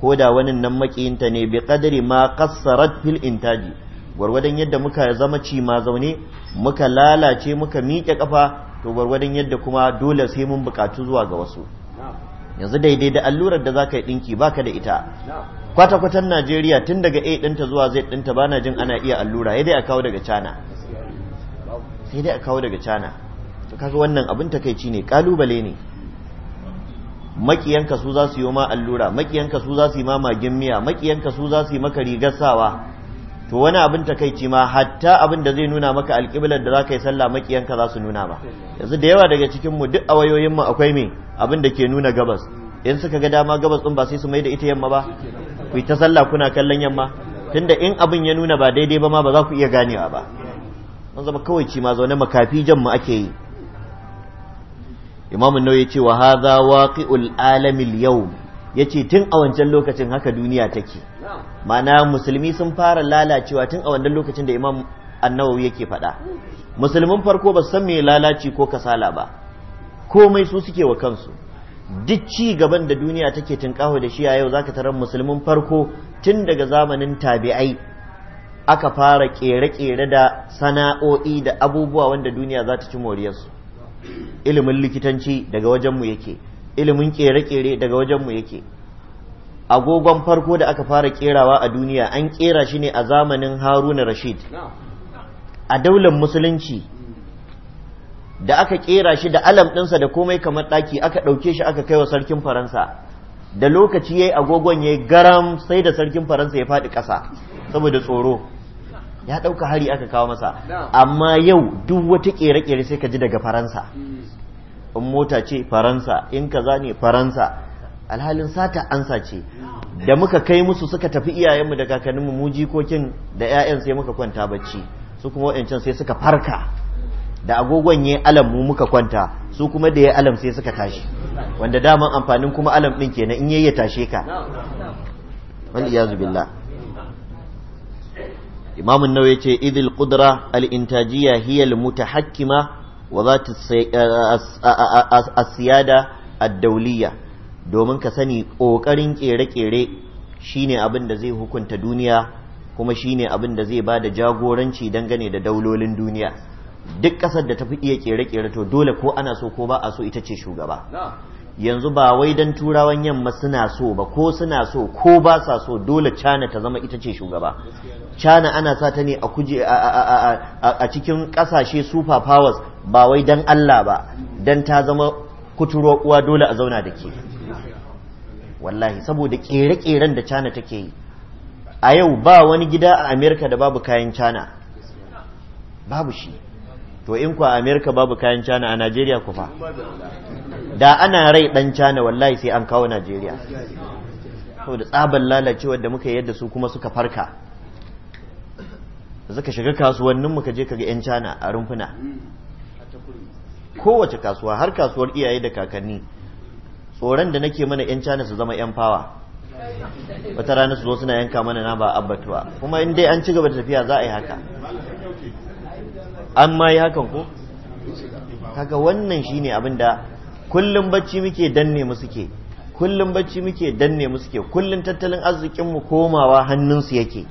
ko da wani nan makiyinta ne bi qadri ma qassarat fil intaji gwargwadon yadda muka zama ci ma zaune muka lalace muka miƙe kafa to gwargwadon yadda kuma dole sai mun bukatu zuwa ga wasu yanzu daidai da allurar da zakayi yi dinki baka da ita kwata-kwatan Najeriya tun daga A ɗinta zuwa Z ɗinta ba na jin ana iya allura ya dai a kawo daga cana sai dai a kawo daga cana to kaga wannan abin takaici ne kalubale ne makiyanka su za su yi ma allura makiyanka su za su yi ma magin miya makiyanka su za su yi maka rigar sawa to wani abin takaici ma hatta abin da zai nuna maka alƙiblar da za ka yi sallah makiyanka za su nuna ba yanzu da yawa daga cikinmu duk a wayoyinmu akwai me abin da ke nuna gabas in suka ga dama gabas din ba sai su mai da ita yamma ba ku ta sallah kuna kallon yamma tunda in abin ya nuna ba daidai ba ma ba za ku iya ganewa ba mun zama kawai ci ma zaune makafi jan mu ake yi imamu nau ya ce wa hadha waqi'ul alamil yau yace tun a wancan lokacin haka duniya take ma'ana musulmi sun fara lalacewa tun a wannan lokacin da imam annawawi yake faɗa musulmin farko ba san me lalaci ko kasala ba komai su suke wa kansu duk ci gaban da duniya take tunƙaho da shi a yau zaka tarar musulmin farko tun daga zamanin tabi'ai aka fara ƙere-ƙere da sana'o'i da abubuwa wanda duniya za ta ci moriyarsu ilimin likitanci daga wajenmu yake ilimin ƙere-ƙere daga wajen mu yake agogon farko da aka fara ƙerawa a duniya an ƙera shi ne a zamanin haruna rashid a daular musulunci da aka kera shi da alam ɗinsa da komai kamar ɗaki aka ɗauke shi aka kai wa sarkin faransa da lokaci ya yi agogon ya yi garam sai da sarkin faransa ya faɗi ƙasa saboda tsoro ya ɗauka hari aka kawo masa amma yau duk wata ƙere-ƙere sai ka ji daga faransa in mota ce faransa in kaza ne faransa alhalin sata ansa ce da muka kai musu suka tafi iyayenmu da kakanninmu mu jikokin da 'ya'yan sai muka kwanta bacci su kuma wa'ancan sai suka farka da agogon yayin alam mu muka kwanta su kuma da ya alam sai suka tashi wanda daman amfanin kuma alam ɗin kenan in yayya ya tashe ka wal iyazu billah imam an yace idil qudra al-intajiyya hiya al-mutahakkima wa zat as-siyada ad-dawliyya domin ka sani ƙere-ƙere kere shine abin da zai hukunta duniya kuma shine abin da zai ba da jagoranci dangane da daulolin duniya duk ƙasar da tafi iya kere-kere to dole ko ana so ko ba a so ita ce shugaba yanzu ba wai don turawan yamma suna so ba ko suna so ko ba sa so dole cana ta zama ita ce shugaba cana ana sa ta ne a kuje a cikin ƙasashe super powers ba wai don Allah ba don ta zama kuturo uwa dole a zauna da ke wallahi saboda kere-keren da cana take yi a yau ba wani gida a amerika da babu kayan cana babu shi to in kwa amerika babu kayan cana a najeriya ku fa da ana rai dan cana wallahi sai an kawo najeriya da tsaban lalacewar da muka yadda su kuma suka farka suka shiga kasuwannin muka je kaga yan cana a rumfuna kowace kasuwa har kasuwar iyaye da kakanni tsoron da nake mana yan cana su zama yan fawa wata rana su zo suna yanka mana na ba abbatuwa kuma in dai an ci gaba da tafiya za a yi haka an ma yi hakan ko kaga wannan shine abinda kullum bacci muke danne mu suke kullum bacci muke danne mu suke kullum tattalin arzikin mu komawa hannunsu yake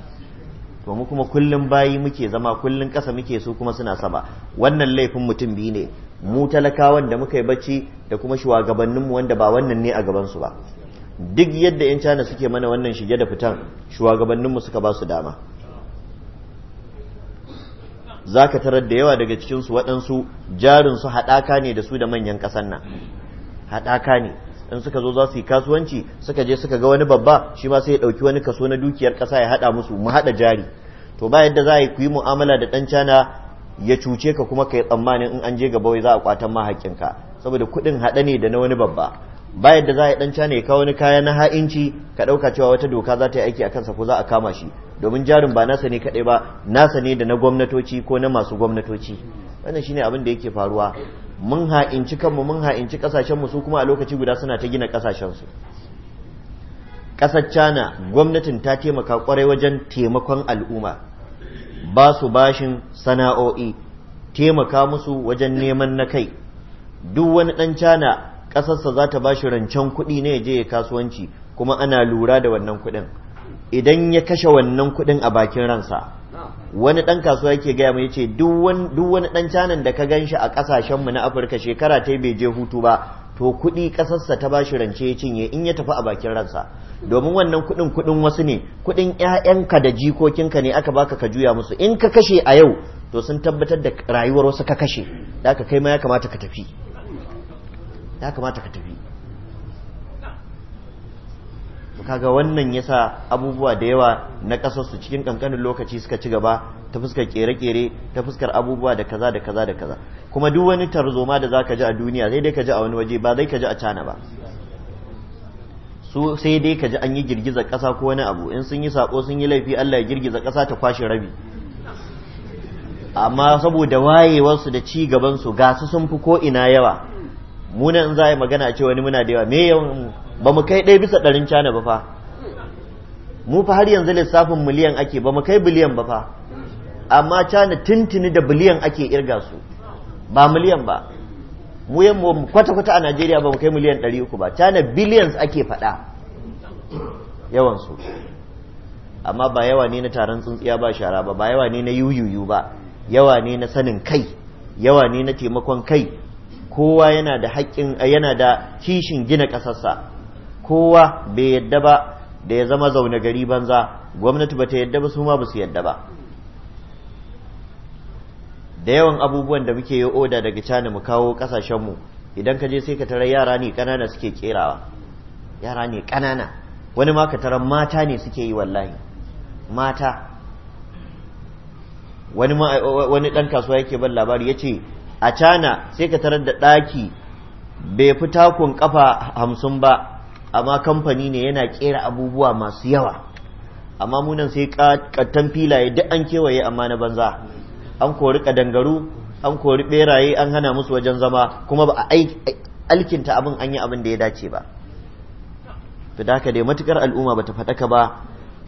to mu kuma kullum bayi muke zama kullum ƙasa muke su kuma suna sama wannan laifin mutum biyu ne mu talakawan da muka yi bacci da kuma shugabanninmu wanda ba wannan ne a gabansu ba duk yadda 'yan cana suke mana wannan shige da fitan shugabanninmu suka ba su dama za ka tarar da yawa daga cikinsu waɗansu jarinsu haɗaka ne da su da manyan ƙasan nan haɗaka ne in suka zo za su yi kasuwanci suka je suka ga wani babba shi ma sai ya ɗauki wani kaso na dukiyar ƙasa ya haɗa musu mu haɗa jari to ba yadda za a yi ku yi mu'amala da ɗan cana ya cuce ka kuma ka yi tsammanin in an je gaba wai za a kwatan mahaƙinka saboda kuɗin haɗa ne da na wani babba ba yadda za a yi dan ya ka wani kaya na ha'inci ka ɗauka cewa wata doka za ta yi aiki a kansa ko za a kama shi domin jarin ba nasa ne kaɗai ba nasa ne da na gwamnatoci ko na masu gwamnatoci wannan shine abin da yake faruwa mun ha'inci kanmu mun ha'inci kasashen mu su kuma a lokaci guda suna ta gina kasashen su Ƙasar Cana gwamnatin ta taimaka kwarai wajen taimakon al'umma ba su bashin sana'o'i taimaka musu wajen neman na kai duk wani ɗan Cana. ƙasarsa za ta ba shi rancen kuɗi ne ya je ya kasuwanci kuma ana lura da wannan kuɗin idan ya kashe wannan kuɗin a bakin ransa wani ɗan kasuwa yake gaya mai ce duk wani ɗan canan da ka gan shi a mu na afirka shekara ta bai je hutu ba to kuɗi ƙasarsa ta bashi rance ya cinye in ya tafi a bakin ransa domin wannan kuɗin kuɗin wasu ne kuɗin ƴaƴanka da jikokinka ne aka baka ka juya musu in ka kashe a yau to sun tabbatar da rayuwar wasu ka kashe da aka kai ma ya kamata ka tafi ya kamata ka tafi kaga wannan yasa abubuwa da yawa na kasarsu cikin kankanin lokaci suka ci gaba ta fuskar kere-kere ta fuskar abubuwa da kaza da kaza da kaza kuma duk wani tarzoma da za ka ji a duniya sai dai ka ji a wani waje ba zai ka ji a cana ba su sai dai ka ji an yi girgiza kasa ko wani abu in sun yi sako sun yi laifi Allah ya girgiza kasa ta kwashe rabi amma saboda wayewarsu da ci gaban su ga su sun fi ko ina yawa Muna in za a yi magana a ce wani muna da yawa me yawan mu ba mu kai ɗaya bisa ɗarin cana ba fa mu fa har yanzu lissafin miliyan ake ba mu kai biliyan ba fa amma cana tintini da biliyan ake irga su ba miliyan ba mu yan mu kwata-kwata a Najeriya ba mu kai miliyan ɗari uku ba cana billions ake faɗa yawan su amma ba yawa ne na taron tsuntsiya ba shara ba ba yawa ne na yuyuyu ba yawa ne na sanin kai yawa ne na taimakon kai kowa yana da haƙƙin eh, yana da kishin gina ƙasarsa kowa bai yadda ba da ya zama zaune gari banza gwamnati ba ta yadda ba su ma ba su yadda ba da yawan abubuwan da muke yi oda daga cana mu kawo kasashenmu idan ka je sai ka tarar yara ne ƙanana suke kerawa yara ne ƙanana wani ma ka tarar mata ne suke yi wallahi mata wani eh, ɗan kasuwa yake ban labari ya ce a cana sai ka tarar da ɗaki bai fi takun kafa hamsin ba amma kamfani ne yana kera abubuwa masu yawa amma munan sai kattan filaye duk an kewaye amma na banza an kori kadangaru an kori beraye an hana musu wajen zama kuma ba a alkinta abin an yi abin da ya dace ba to da dai matukar al'umma ta faɗaka ba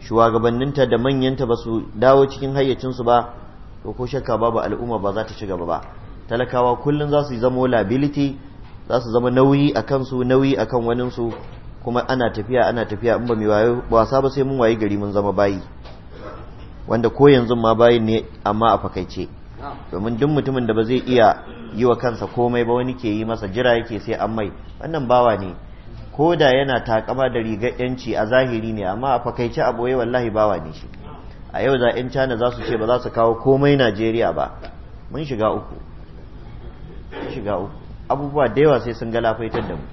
shugabanninta da manyanta ba su dawo cikin hayyacinsu ba to ko shakka babu al'umma ba za ta ci gaba ba talakawa kullum za su zama liability za su zama nauyi a kansu nauyi a kan waninsu kuma ana tafiya ana tafiya in ba mai wayo wasa ba sai mun wayi gari mun zama bayi wanda ko yanzu ma bayi ne amma a fakaice domin duk mutumin da ba zai iya yi wa kansa komai ba wani ke yi masa jira yake sai an mai wannan bawa ne ko da yana takama da rigar yanci a zahiri ne amma a fakaice a boye wallahi bawa ne shi a yau za 'yan cana za su ce ba za su kawo komai najeriya ba mun shiga uku shiga uku abubuwa da yawa sai sun galafaitar da mu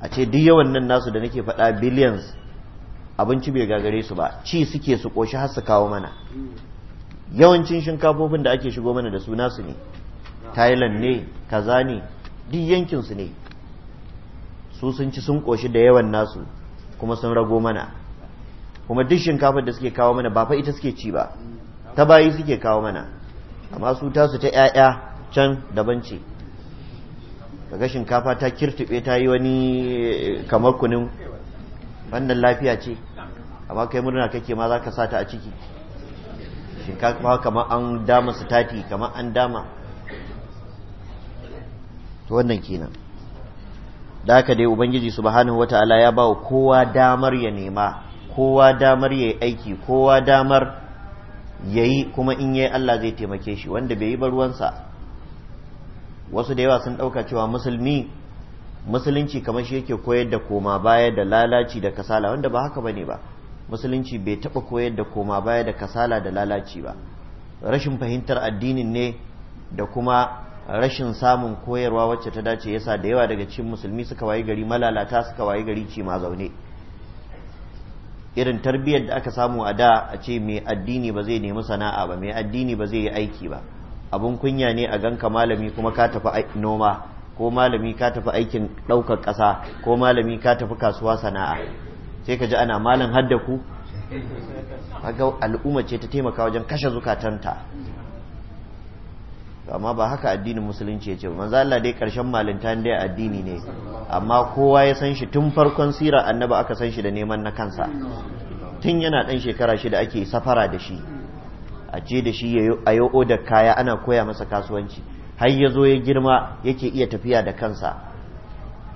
a ce duk yawan nan nasu da nake faɗa billions abinci bai gagare su ba ci suke su ƙoshi har su kawo mana yawancin shinkafofin da ake shigo mana da su nasu ne thailand ne kaza ne duk yankin su ne su sun ci sun ƙoshi da yawan nasu kuma sun rago mana kuma duk shinkafar da suke kawo mana ba fa ita suke ci ba ta bayi suke kawo mana amma su tasu ta 'ya'ya can daban ce kaga shinkafa ta kirtube ta yi wani eh, kamar kunin wannan lafiya ce amma kai murna kake ma za ka sa ta a ciki shinkafa kamar an dama su sitati kamar an dama to wannan kenan da haka dai ubangiji subhanahu wata'ala ya ba wa kowa damar ya nema kowa damar ya yi aiki kowa damar yayi kuma in yayi Allah zai taimake shi wanda bai yi ba ruwansa wasu da yawa sun ɗauka cewa musulmi musulunci kamar shi yake koyar da koma baya da lalaci da kasala wanda ba haka bane ba musulunci bai taɓa koyar da koma baya da kasala da lalaci ba rashin fahimtar addinin ne da kuma rashin samun koyarwa wacce ta dace yasa da yawa daga cikin musulmi suka wayi gari malalata suka wayi gari ci ma zaune irin tarbiyyar da aka samu a da a ce mai addini ba zai nemi sana'a ba mai addini ba zai yi aiki ba abun kunya ne a ganka malami kuma ka tafi noma ko malami ka tafi aikin ɗaukar ƙasa ko malami ka tafi kasuwa sana'a sai ka ji ana malam hadda ku al'umma ce ta taimaka wajen kashe zukatanta amma ba haka addinin musulunci ya ce ba manzo Allah dai karshen malintan dai addini ne amma kowa ya san shi tun farkon sirar annaba aka san shi da neman na kansa tun yana dan shekara shida ake safara da shi a je da shi a yi odar kaya ana koya masa kasuwanci har ya zo ya girma yake iya tafiya da kansa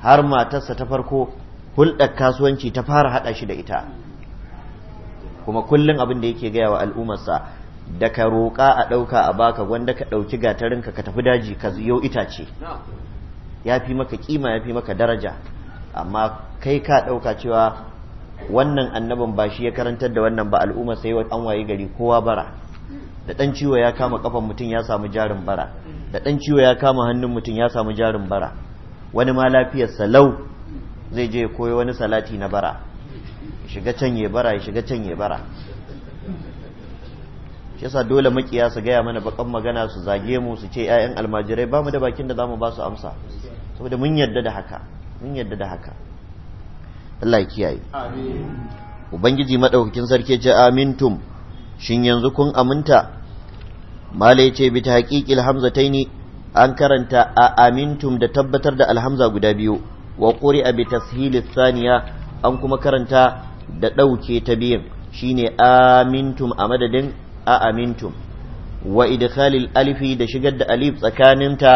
har matarsa ta farko hulɗar kasuwanci ta fara haɗa shi da ita kuma kullum abin da yake gaya wa al'ummarsa da ka roƙa a ɗauka a baka wanda ka ɗauki gatarin ka tafi daji ka yo itace ya fi maka kima ya fi maka daraja amma kai ka ɗauka cewa wannan annabin ba shi ya karantar da wannan ba al'umma sai an waye gari kowa bara da ɗan ciwo ya kama ƙafan mutum ya samu jarin bara da ɗan ciwo ya kama hannun mutum ya samu jarin bara wani ma lafiyar salau zai je koyo wani salati na bara shiga can ya bara shiga can ya bara shi yasa dole makiya su gaya mana bakan magana su zage mu su ce 'ya'yan almajirai ba mu da bakin da zamu ba su amsa saboda mun yarda da haka mun yarda da haka Allah ya kiyaye ubangiji madaukakin sarki ce amintum shin yanzu kun aminta mala ce bi ta tahqiqil hamzataini an karanta a amintum da tabbatar da alhamza guda biyu wa quri bi tashilis saniya an kuma karanta da dauke ta biyin shine amintum a madadin a amintum wa idkhalil alifi da shigar da alif tsakaninta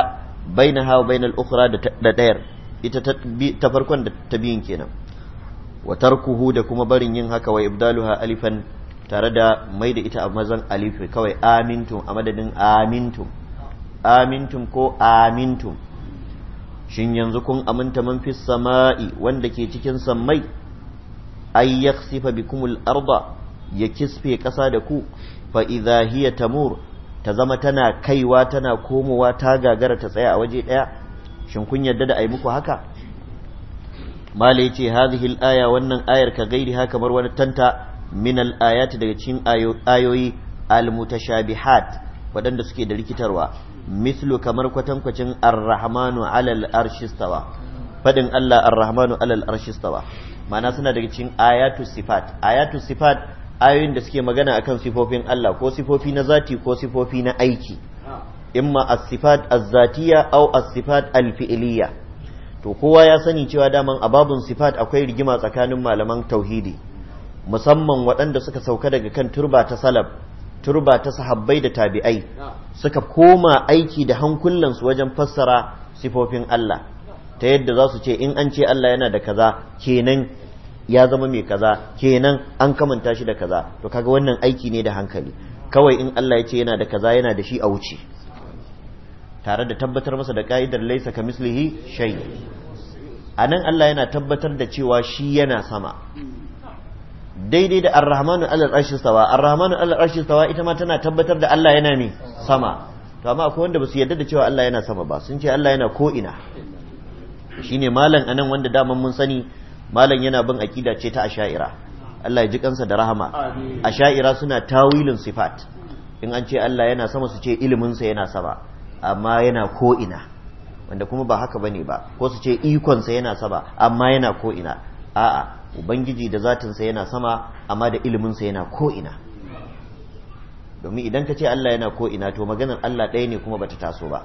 bainaha wa bainal ukhra da dayar ita ta farkon da ta biyun kenan wa tarkuhu da kuma barin yin haka wa ibdaluha alifan tare da mai da ita a mazan alifi kawai amintum a madadin amintum amintum ko amintum shin yanzu kun aminta man fi sama'i wanda ke cikin sammai ay yaksifa bikumul arda ya kisfe ƙasa da ku fa hiya tamur ta zama tana kaiwa tana komowa ta gagara ta tsaya a waje daya shin kun yarda da ai muku haka mala yace hadhihi aya wannan ayar ka gairi haka kamar wani tanta min al daga cikin ayoyi al-mutashabihat waɗanda suke da rikitarwa mislu kamar kwatankwacin ar-rahmanu alal arshistawa fadin Allah ar-rahmanu alal arshistawa ma'ana suna daga cikin ayatu sifat ayatu sifat ayoyin da suke magana akan sifofin Allah ko sifofi na zati ko sifofi na aiki imma as-sifat az-zatiyya aw as-sifat al-fi'liyya to kowa ya sani cewa daman a babun sifat akwai rigima tsakanin malaman tauhidi musamman waɗanda suka sauka daga kan turba ta salaf turba ta sahabbai da tabi'ai suka koma aiki da hankulansu wajen fassara sifofin Allah ta yadda za su ce in an ce Allah yana da kaza kenan ya zama mai kaza kenan an kamanta shi da kaza to kaga wannan aiki ne da hankali kawai in Allah ya ce yana da kaza yana da shi a wuce tare da tabbatar masa da ka'idar laisa ka mislihi shay a nan Allah yana tabbatar da cewa shi yana sama daidai da arrahmanu alal arshi sawa arrahmanu alal arshi sawa ita ma tana tabbatar da Allah yana ne sama to amma akwai wanda ba su yarda da cewa Allah yana sama ba sun ce Allah yana ko ina shine malam anan wanda daman mun sani malam yana bin aƙida ce ta asha'ira Allah ya ji kansa da rahama asha'ira suna tawilin sifat in an ce Allah yana sama su ce iliminsa yana sama amma yana ko'ina wanda kuma ba haka bane ba ko su ce ikonsa yana sama amma yana ko'ina a'a ubangiji da zatinsa yana sama amma da iliminsa yana ko'ina domin idan ka ce Allah yana ko'ina to maganar Allah ɗaya ne kuma bata taso ba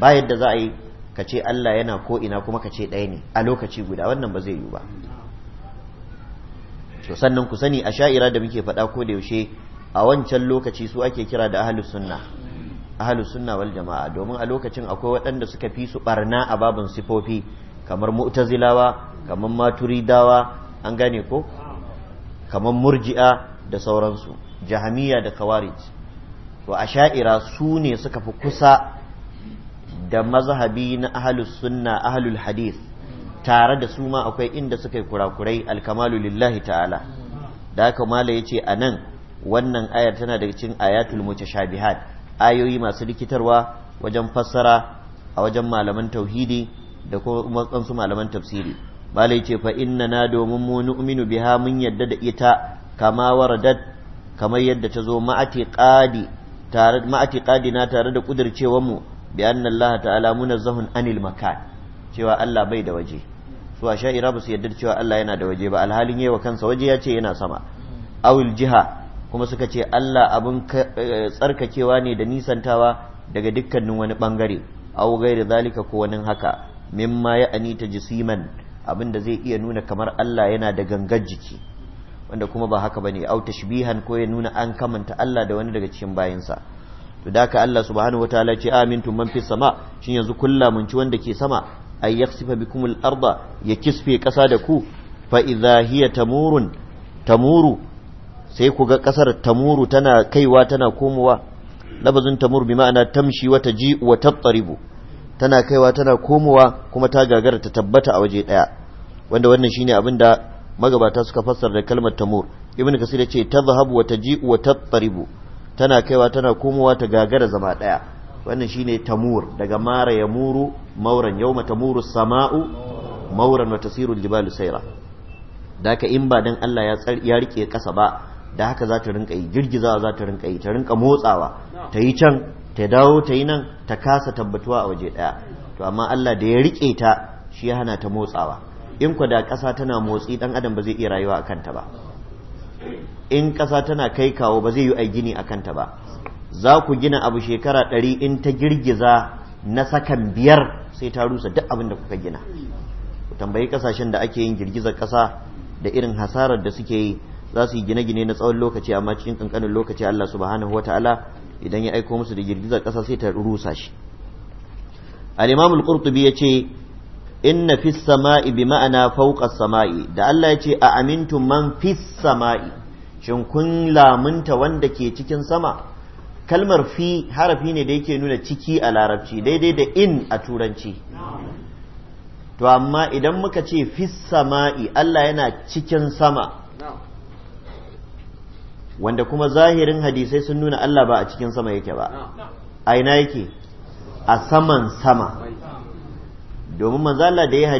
ba yadda za a yi ka ce Allah yana ko ina kuma ka ce ɗaya ne a lokaci guda wannan ba zai yiwu ba to sannan ku sani a sha'ira da muke faɗa ko da yaushe a wancan lokaci su ake kira da ahlus sunna ahlus sunna wal jama'a domin a lokacin akwai waɗanda suka fi su ɓarna a babin sifofi kamar mu'tazilawa kamar maturidawa an gane ko kamar murji'a da sauransu jahamiya da khawarij to a sha'ira su ne suka fi kusa da mazhabi na ahlus sunna ahlul hadith tare da su ma akwai inda suka yi kurakurai alkamalu lillahi ta'ala da haka mala yace anan wannan ayar tana daga cikin ayatul mutashabihat ayoyi masu likitarwa wajen fassara a wajen malaman tauhidi da kuma kansu malaman tafsiri mala yace fa inna na domin mu nu'minu biha mun yadda da ita kama waradat kamar yadda ta zo ma'atiqadi tare tare da kudircewar mu bi anna ta'ala munazzahun anil makan cewa Allah bai da waje su a sha'ira ba su yarda cewa Allah yana da waje ba alhalin yayi kansa waje ya ce yana sama awil jiha kuma suka ce Allah abun eh, tsarkakewa ne da nisantawa daga dukkanin wani bangare aw gairi zalika ko wani haka mimma ya anita jisiman abin da zai iya nuna kamar Allah yana da gangar jiki wanda kuma ba haka bane au tashbihan ko ya nuna an kamanta Allah da wani daga cikin bayansa. to da ka Allah subhanahu wataala ce amintum man fi sama shin yanzu kulla mun ci wanda ke sama ay yaksifa bikumul arda ya kisfe kasa da ku fa idza hiya tamurun tamuru sai ku ga kasar tamuru tana kaiwa tana komowa Labazun tamur bi ma'ana tamshi wa taji wa tattaribu tana kaiwa tana komowa kuma ta gagara ta tabbata a waje daya wanda wannan shine abin da magabata suka fassara da kalmar tamur ibn kasir ya ce tadhhabu wa taji wa tattaribu tana kaiwa tana komowa ta gagara zama daya wannan shine tamur daga mara ya muru mauran yauma tamuru sama'u mauran wa tasiru jibalu sayra da haka in ba dan Allah ya rike kasa ba da haka za ta rinka yi girgizawa za ta rinka yi ta rinka motsawa ta yi can ta dawo ta yi nan ta kasa tabbatuwa a waje daya to amma Allah da ya rike ta shi ya hana ta motsawa in ku da kasa tana motsi dan adam ba zai iya rayuwa a kanta ba in ƙasa tana kai kawo ba zai yi a gini a kanta ba za ku gina abu shekara ɗari in ta girgiza na sakan biyar sai ta rusa duk abin da kuka gina ku tambayi ƙasashen da ake yin girgizar ƙasa da irin hasarar da suke yi za su yi gine-gine na tsawon lokaci amma cikin ƙanƙanin lokaci Allah subhanahu wa ta'ala idan ya aiko musu da girgizar ƙasa sai ta rusa shi al-imam al-qurtubi in inna fis sama'i bi ma'ana fawqa samai da Allah yace a amintum man fis sama'i shin kun lamunta wanda ke cikin sama kalmar fi harafi ne da yake nuna ciki a larabci daidai da in a turanci to amma idan muka ce fi sama'i Allah yana cikin sama wanda kuma zahirin hadisai sun nuna Allah ba a cikin sama yake ba a ina yake a saman sama domin manzala da ya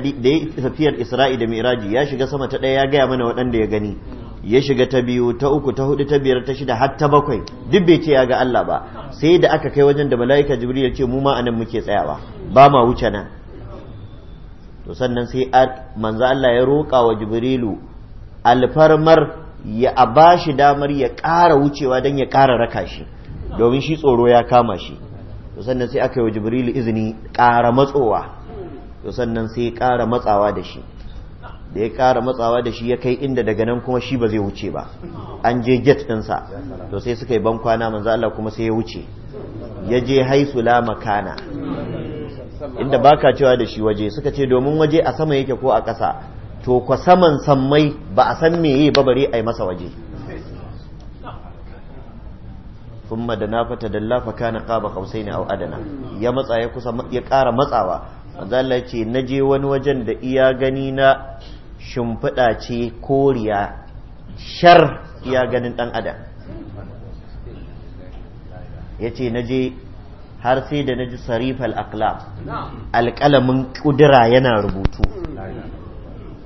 tafiyar isra'i da miraji ya shiga sama ta ɗaya ya gaya mana waɗanda ya gani ya shiga ta biyu ta uku ta hudu ta biyar ta shida har ta bakwai duk bai ce ya ga Allah ba sai da aka kai wajen da mala'ika jibril ya ce mu ma anan muke tsayawa ba ma wuce nan to sannan sai manzo Allah ya roƙa wa jibrilu alfarmar ya a bashi damar ya ƙara wucewa don ya ƙara raka shi domin shi tsoro ya kama shi to sannan sai aka yi wa jibrilu izini ƙara matsowa to sannan sai ƙara matsawa da shi da ya kara matsawa da shi ya kai inda daga nan kuma shi ba zai wuce ba an je get ɗinsa to sai suka yi bankwana manzo Allah kuma sai ya wuce ya je haisu la makana inda baka cewa da shi waje suka ce domin waje a sama yake ko a ƙasa to kwa saman sammai ba a san meye ba bare a yi masa waje thumma da nafata dalla fa kana qaba qausaini aw adana ya matsa ya kusa ya ƙara matsawa manzo Allah ya ce naje wani wajen da iya gani na shimfiɗa ce koriya shar ya ganin ɗan adam ya ce na je har sai da na ji sarifal aklam alƙalamin ƙudura yana rubutu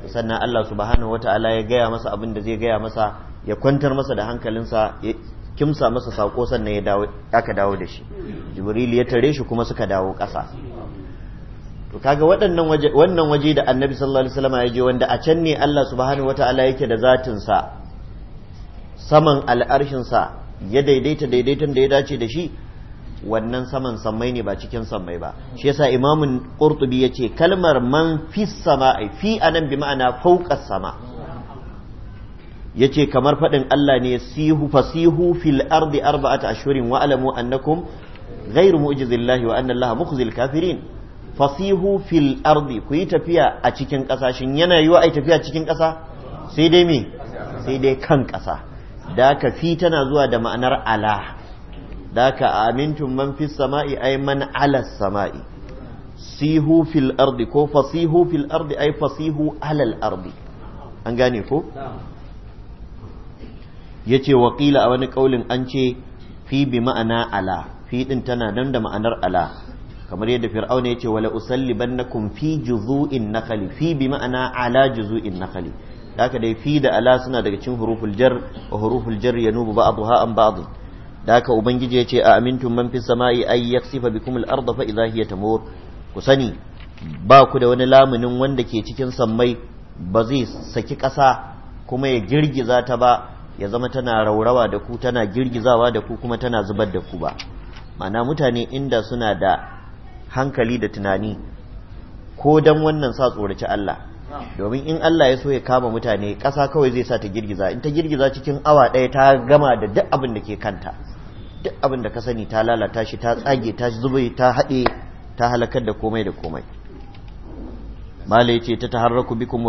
sannan Allah subhanahu wata'ala ya gaya masa abin da zai gaya masa ya kwantar masa da hankalinsa ya kimsa masa saƙo sannan ya aka dawo da shi jibril ya tare shi kuma suka dawo ƙasa to kaga waɗannan waje wannan waje da annabi sallallahu alaihi wasallam ya je wanda a can ne Allah subhanahu wataala yake da zatin sa saman al'arshin sa ya daidaita daidaiton da ya dace da shi wannan saman sammai ne ba cikin sammai ba shi yasa imamun qurtubi yace kalmar man fi sama'i fi anan bi ma'ana fawqa sama yace kamar faɗin Allah ne sihu fasihu fil ardi arba'ata ashhurin wa alamu annakum ghairu mu'jizillahi wa anna allaha mukhzil kafirin fasihu fil ardi ku yi tafiya a cikin ƙasa shin yana yiwa yi tafiya cikin ƙasa sai dai me sai dai kan ƙasa da ka fi tana zuwa da ma'anar ala da ka amintun man fi sama'i ai man ala sama'i sihu fil ardi ko fasihu fil ardi ai fasihu alal ardi an gane ko ce wakila a wani ƙaulin an ce fi bi ma'ana ala fi ɗin tana nan da ma'anar ala kamar yadda fir'auna ya ce wala usallibannakum fi juzu'in nakhli fi bi ma'ana ala juzu'in nakhli haka dai fi da ala suna daga cikin huruful jar wa huruful jar yanubu ba'daha an ba'd haka ubangiji ya ce a amintun man fis sama'i ay yaksifa bikum al-ardha fa idha hiya tamur ku sani ba ku da wani lamunin wanda ke cikin sammai ba zai saki ƙasa kuma ya girgiza ta ba ya zama tana raurawa da ku tana girgizawa da ku kuma tana zubar da ku ba ma'ana mutane inda suna da hankali da tunani ko dan wannan sa tsoraci Allah domin in Allah ya so ya kama mutane ƙasa kawai zai sa ta girgiza in ta girgiza cikin awa ɗaya ta gama da duk abin da ke kanta duk abin da ka sani ta lalata shi ta tsage ta zube ta haɗe ta halakar da komai da komai malai ce ta taharraku bikum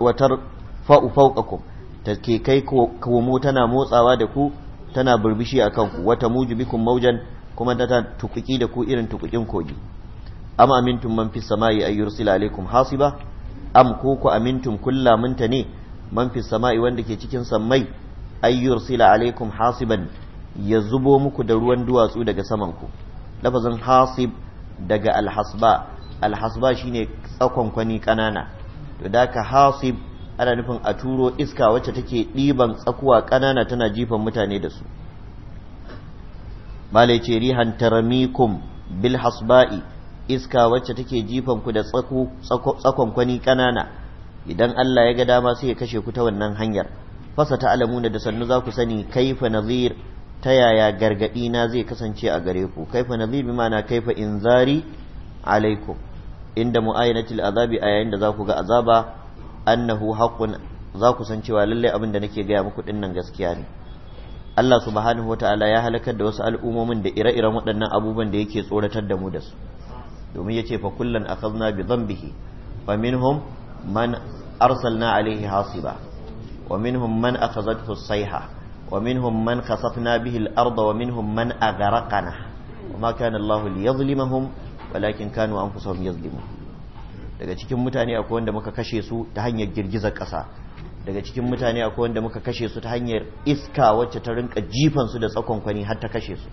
watar fa'u fauqakum ta ke kai komo tana motsawa da ku tana burbishi akan ku, wata muju bikum maujan kuma ta tukuki da ku irin tukukin kogi am amintum man fi samai ay yursila alaikum hasiba am ku ku amintum kulla munta ne man fi samai wanda ke cikin sammai ay yursila alaikum hasiban ya zubo muku da ruwan duwatsu daga saman ku lafazin hasib daga alhasba alhasba shine tsakon kwani kanana to daka hasib ana nufin a turo iska wacce take ɗiban tsakuwa ƙanana tana jifan mutane da su malai ce rihan taramikum bil hasba'i iska wacce take jifan ku da tsakon kwani kanana idan Allah ya ga dama sai ya kashe ku ta wannan hanyar fasa alamuna da sannu za ku sani kaifa nazir ta yaya gargadi na zai kasance a gare ku kaifa nazir bi ma'ana kaifa inzari alaikum inda mu'ayinatil azabi a yayin da za ku ga azaba annahu haqqun za ku san cewa lallai abin da nake gaya muku dinnan gaskiya ne Allah subhanahu wa ta'ala ya halakar da wasu al'ummomin da ire-iren waɗannan abubuwan da yake tsoratar da mu da su domin ya ce fa kullan akhadna bi dhanbihi wa minhum man arsalna alaihi hasiba wa minhum man akhadhathu as-sayha wa minhum man khasafna bihi al-ardha wa minhum man aghraqna wa ma kana Allah liyadhlimahum walakin kanu anfusahum yadhlimun daga cikin mutane akwai wanda muka kashe su ta hanyar girgizar ƙasa daga cikin mutane akwai wanda muka kashe su ta hanyar iska wacce ta rinka jifan su da tsakon kwani har ta kashe su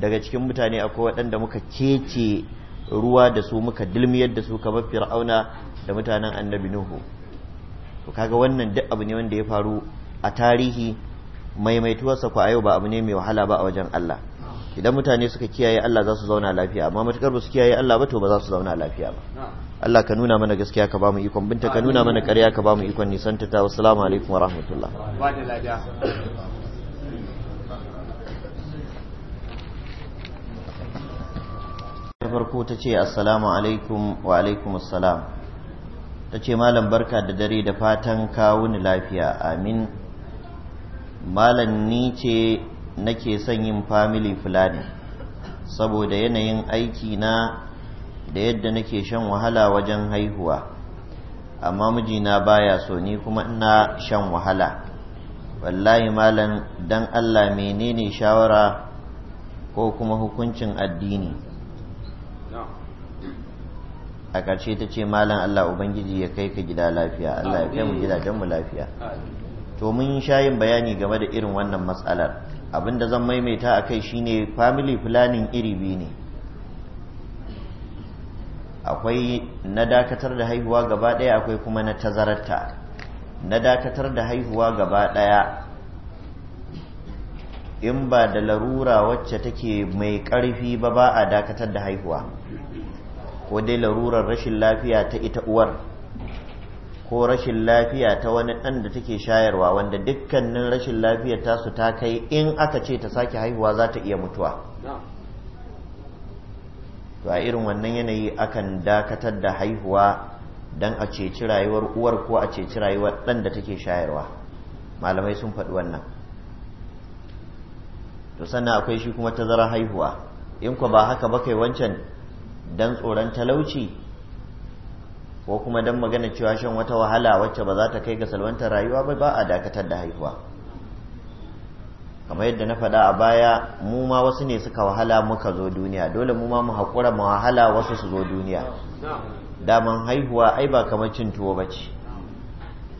daga cikin mutane akwai waɗanda muka kece ruwa da su muka dilmiyar da su kamar fir'auna da mutanen annabi nuhu to kaga wannan duk abu ne wanda ya faru a tarihi maimaituwarsa ku a yau ba abu ne mai wahala ba a wajen Allah idan mutane suka kiyaye Allah za su zauna lafiya amma matukar ba su kiyaye Allah ba to ba za su zauna lafiya ba Allah ka nuna mana gaskiya ka ba mu ikon binta ka nuna mana ƙarya ka ba mu ikon nisan ta wassalamu alaikum wa rahmatullah ta farko ta ce assalamu alaikum wa alaikum assalam ta ce malam barka da dare da fatan ni lafiya amin malam ni ce nake son yin family fulani saboda yanayin aiki na da yadda nake shan wahala wajen haihuwa amma mijina baya so ni kuma ina shan wahala wallahi malam dan Allah menene shawara ko kuma hukuncin addini a ƙarshe ta ce malam Allah Ubangiji ya kai ka gida lafiya Allah ya kai mu gidajenmu lafiya to mun yi shayin bayani game da irin wannan matsalar abinda zan maimaita a kai shine family planning iri biyu ne akwai na dakatar da haihuwa gaba ɗaya akwai kuma na tazararta na dakatar da haihuwa gaba ɗaya in ba da larura wacce take mai karfi ba ba a dakatar da haihuwa ko dai larurar rashin lafiya ta ita uwar ko rashin lafiya ta wani ɗan da take shayarwa wanda dukkanin rashin ta tasu ta kai in aka ce ta sake haihuwa za ta iya mutuwa to a irin wannan yanayi akan dakatar da haihuwa don a ceci rayuwar uwar ko a ceci rayuwar ɗan da take shayarwa malamai sun faɗi wannan to sannan akwai shi kuma tazarar haihuwa in ku ba haka ba kai wancan don tsoron talauci ko kuma dan magana cewa shan wata wahala wacce ba za ta kai ga salwantar rayuwa ba ba a dakatar da haihuwa kamar yadda na faɗa a baya mu ma wasu ne suka wahala muka zo duniya dole mu ma mu haƙura mu wahala wasu su zo duniya daman haihuwa ai ba kamar cin tuwo ba ce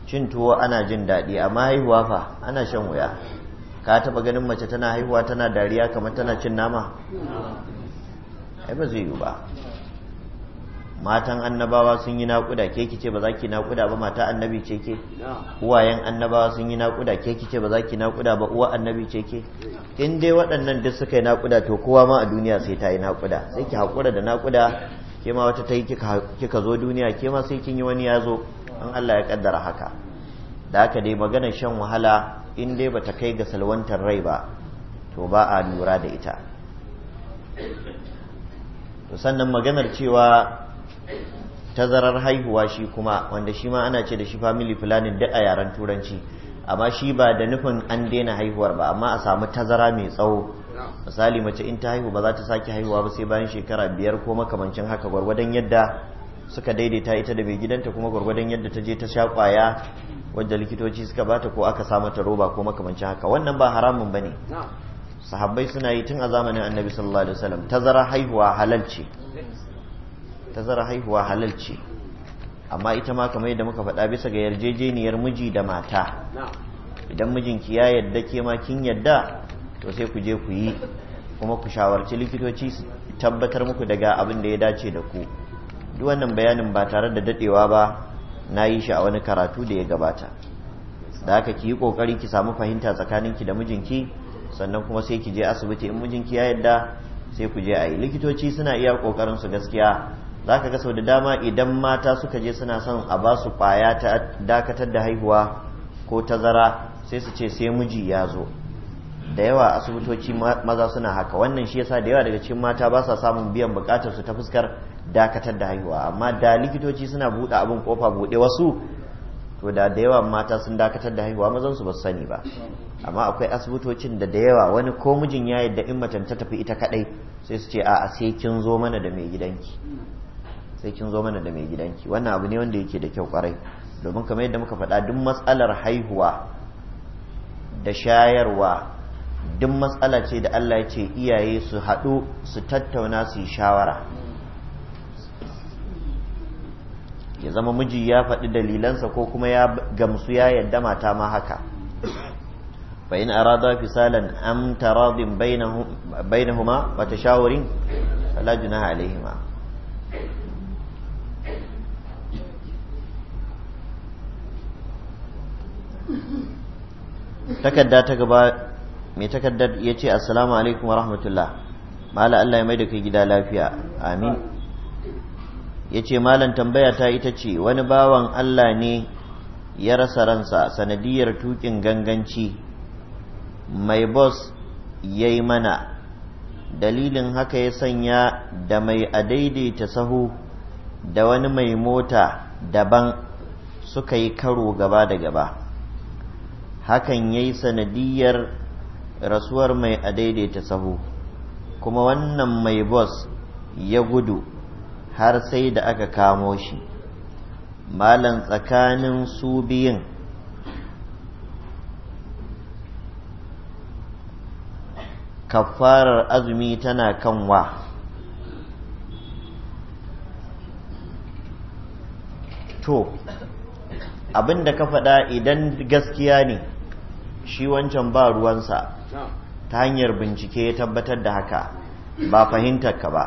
cin tuwo ana jin daɗi amma haihuwa fa ana shan wuya ka taɓa ganin mace tana haihuwa tana dariya kamar tana cin nama ai ba zai yiwu ba matan annabawa sun yi naƙuda ke kice ba za ki naƙuda ba mata annabi ce ke uwayen annabawa sun yi naƙuda ke kice ba za ki naƙuda ba uwa annabi ce ke in dai waɗannan duk suka yi naƙuda to kowa ma a duniya sai ta yi naƙuda sai ki haƙura da naƙuda ke ma wata ta yi kika zo duniya ke ma sai kin yi wani ya zo in Allah ya kaddara haka da haka dai maganar shan wahala in dai ba ta kai ga salwantar rai ba to ba a lura da ita sannan maganar cewa tazarar haihuwa shi kuma wanda shi ma ana ce da shi family planning duk a yaren turanci amma shi ba da nufin an daina haihuwar ba amma a samu tazara mai tsawo misali mace in ta haihu ba za ta sake haihuwa ba sai bayan shekara biyar ko makamancin haka gwargwadon yadda suka daidaita ita da mai gidanta kuma gwargwadon yadda ta je ta sha kwaya wadda likitoci suka bata ko aka sa mata roba ko makamancin haka wannan ba haramun ba ne sahabbai suna yi tun a zamanin annabi sallallahu alaihi wasallam tazara haihuwa halal ce tazara haihuwa halal ce amma ita ma kamar yadda muka faɗa bisa ga yarjejeniyar miji da mata idan mijinki ya yadda ke ma kin yadda to sai ku je ku yi kuma ku shawarci likitoci su tabbatar muku daga abin da ya dace da ku duk wannan bayanin ba tare da dadewa ba na yi shi a wani karatu da ya gabata da haka ki yi kokari ki samu fahimta tsakaninki da mijinki sannan kuma sai ki je asibiti in mijinki ya yadda sai ku je a yi likitoci suna iya kokarin su gaskiya za ka ga sau da dama idan mata suka je suna son a ba su ƙwaya ta dakatar da haihuwa ko tazara sai su ce sai miji ya zo da yawa asibitoci maza suna haka wannan shi yasa da yawa daga cikin mata ba sa samun biyan bukatar su ta fuskar dakatar da haihuwa amma da likitoci suna buɗe abin kofa buɗe wasu to da da yawa mata sun dakatar da haihuwa mazan su ba su sani ba amma akwai asibitocin da da yawa wani ko mijin ya yadda in macen ta tafi ita kadai sai su ce a'a sai kin zo mana da mai gidanki sai kin zo mana da mai gidanki wannan abu ne wanda yake da kyau kwarai domin kamar yadda muka faɗa duk matsalar haihuwa da shayarwa duk matsala ce da Allah ya ce iyaye su haɗu su tattauna su yi shawara ya zama miji ya faɗi dalilansa ko kuma ya gamsu ya yadda mata ma haka fa in arada fisalan am taradin bainahuma wa tashawurin fala junaha takarda ta gaba mai takardar ya ce assalamu alaikum wa rahmatullah mala Allah ya mai da kai gida lafiya amin ya ce malan tambaya ta ita ce wani bawan Allah ne ya rasa ransa sanadiyar tukin ganganci mai bos ya yi mana dalilin haka ya sanya da mai a daidaita sahu da wani mai mota daban suka yi karo gaba da gaba hakan ya yi sanadiyar rasuwar mai a daidaita sahu kuma wannan mai bos ya gudu har sai da aka kamo shi malan tsakanin su biyun kafarar azumi tana kan wa to abin da ka faɗa idan gaskiya ne shi wancan ba ruwansa ta hanyar bincike ya tabbatar da haka ba fahimtar ka ba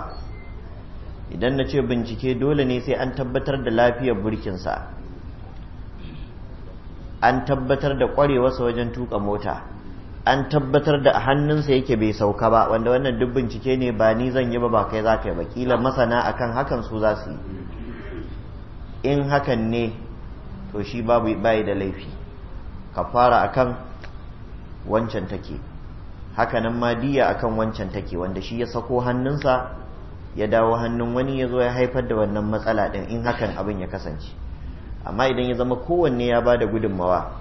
idan na ce bincike dole ne sai an tabbatar da lafiyar burkinsa an tabbatar da ƙwarewarsa wajen tuka mota an tabbatar da hannunsa yake bai sauka ba wanda wannan duk bincike ne ba ni zan yi ba ba kai za ka yi ba kila masana akan hakan su za su yi in hakan ne to shi babu bayi da laifi kafara akan wancan take hakanan ma diya akan wancan take wanda shi ya sako hannunsa ya dawo hannun wani ya zo ya haifar da wannan matsala din in hakan abin ya kasance amma idan ya zama kowanne ya ba da gudunmawa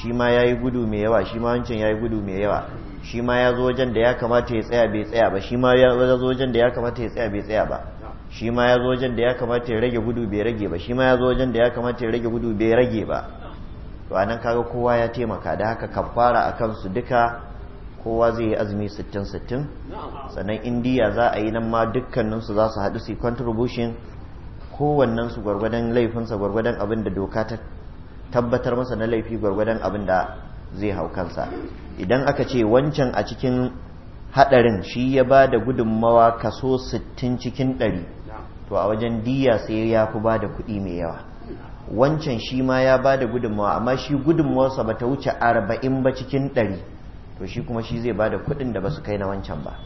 shi ma ya yi gudu mai yawa shi ma wancan ya yi gudu mai yawa shi ma ya zo wajen da ya kamata ya tsaya bai tsaya ba shi ma ya zo wajen da ya kamata ya tsaya bai tsaya ba shi ma ya zo wajen da ya kamata ya rage gudu bai rage ba shi ma ya zo wajen da ya kamata ya rage gudu bai rage ba to anan kaga kowa ya taimaka da haka kafara a kansu duka kowa zai yi azumi 60-60 sannan indiya za a yi nan ma dukkaninsu za su haɗu su contribution kowannensu gwargwadon laifinsa gwargwadon abin da doka ta tabbatar masa na laifi gwargwadon abin da zai hau kansa idan aka ce wancan a cikin hadarin shi ya ba da gudunmawa kaso 60 cikin to a wajen diya sai ya fi ba da kuɗi mai yawa wancan shi ma ya ba da gudunmawa amma shi gudunmawarsa ba ta wuce arba'in ba cikin ɗari to shi kuma shi zai ba da kuɗin da ba su kai na wancan ba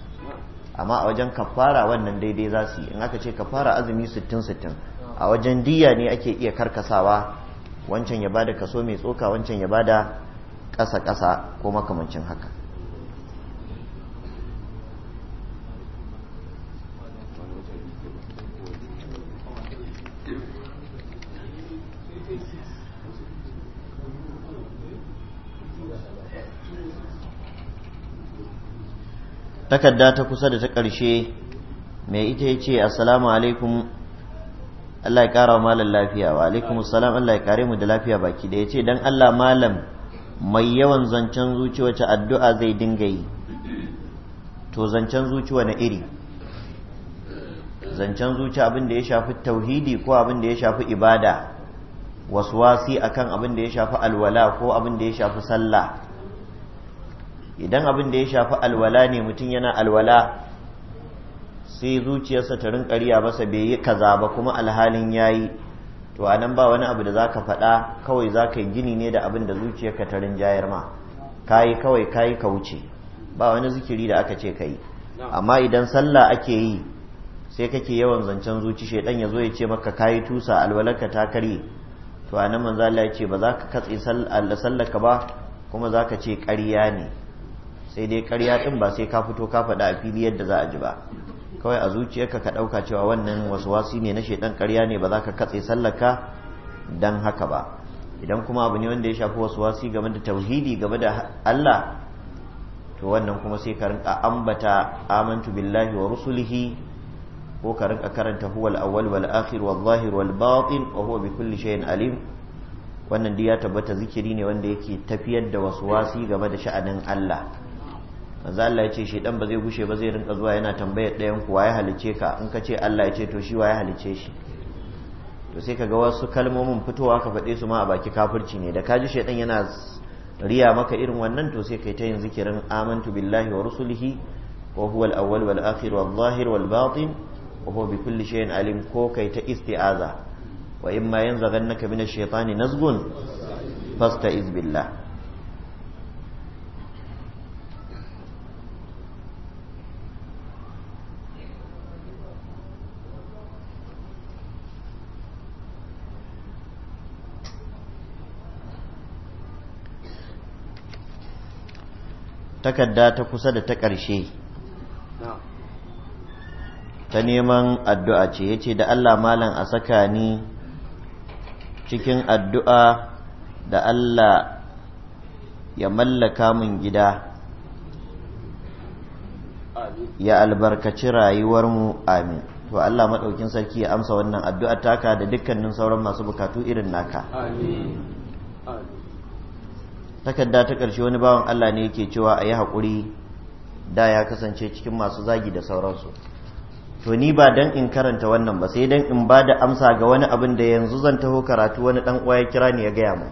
amma a wajen kafara wannan daidai za su yi in aka ce kafara azumi sittin sittin a wajen diya ne ake iya karkasawa wancan ya ba da kaso mai tsoka wancan ya ba da ƙasa-ƙasa ko makamancin haka takarda ta kusa da ta ƙarshe mai ita ya ce assalamu alaikum Allah ya ƙara wa malam lafiya wa alaikum assalam Allah ya kare mu da lafiya baki da ya ce don Allah malam mai yawan zancen zuci wacce addu'a zai dinga yi to zancen zuci na iri zancen zuci abin da ya shafi tauhidi ko abin da ya shafi ibada wasu wasi akan abin da ya shafi alwala ko abin da ya shafi sallah idan abin da ya shafi alwala ne mutum yana alwala sai zuciyarsa ta rinka riya masa bai yi kaza ba kuma alhalin yayi to a nan ba wani abu da za ka faɗa kawai za ka yi gini ne da abin da zuciyarka ta rinjayar ma Ka yi kawai ka yi ka wuce ba wani zikiri da aka ce ka yi. amma idan sallah ake yi sai kake yawan zancen zuci shaidan ya zo ya ce maka ka yi tusa alwalarka ta karye to a nan manzala ya ce ba za ka katse sallah ka ba kuma za ka ce ƙarya ne sai dai karya ɗin ba sai ka fito ka faɗa a fili yadda za a ji ba kawai a zuciyarka ka ɗauka cewa wannan wasi ne na shaidan karya ne ba za ka katse sallaka don haka ba idan kuma abu ne wanda ya shafi wasi game da tauhidi game da Allah to wannan kuma sai ka rinka ambata amantu billahi wa rusulihi ko ka rinka karanta huwal awwal wal akhir wal zahir wal batin wa huwa bi kulli shay'in alim wannan dai ya tabbata zikiri ne wanda yake tafiyar da wasu wasi game da sha'anin Allah manzo Allah ya ce shi ɗan ba zai gushe ba zai rinka zuwa yana tambayar ɗayan kuwa ya halice ka in ka ce Allah ya ce to shi wa ya halice shi to sai kaga wasu kalmomin fitowa ka faɗe su ma a baki kafirci ne da ka ji shedan yana riya maka irin wannan to sai kai ta yin zikirin amantu billahi wa rusulihi wa huwa al-awwal wal akhir wal zahir wal batin wa huwa bi kulli shay'in alim ko kai ta isti'aza wa imma yanzaghannaka minash shaitani nazghun fasta'iz billah takarda ta kusa da ta ƙarshe ta neman addu'a ce ya ce da Allah malam a saka ni cikin addu'a da Allah ya mallaka min gida ya albarkaci rayuwarmu amin to Allah maɗaukin sarki ya amsa wannan addu'a taka da dukkanin sauran masu bukatu irin naka amin takarda ta ƙarshe wani bawan Allah ne yake cewa a yi haƙuri da ya kasance cikin masu zagi da sauransu to ni ba dan in karanta wannan ba sai dan in ba da amsa ga wani abin da yanzu zan taho karatu wani dan uwa ya kira ni ya gaya mu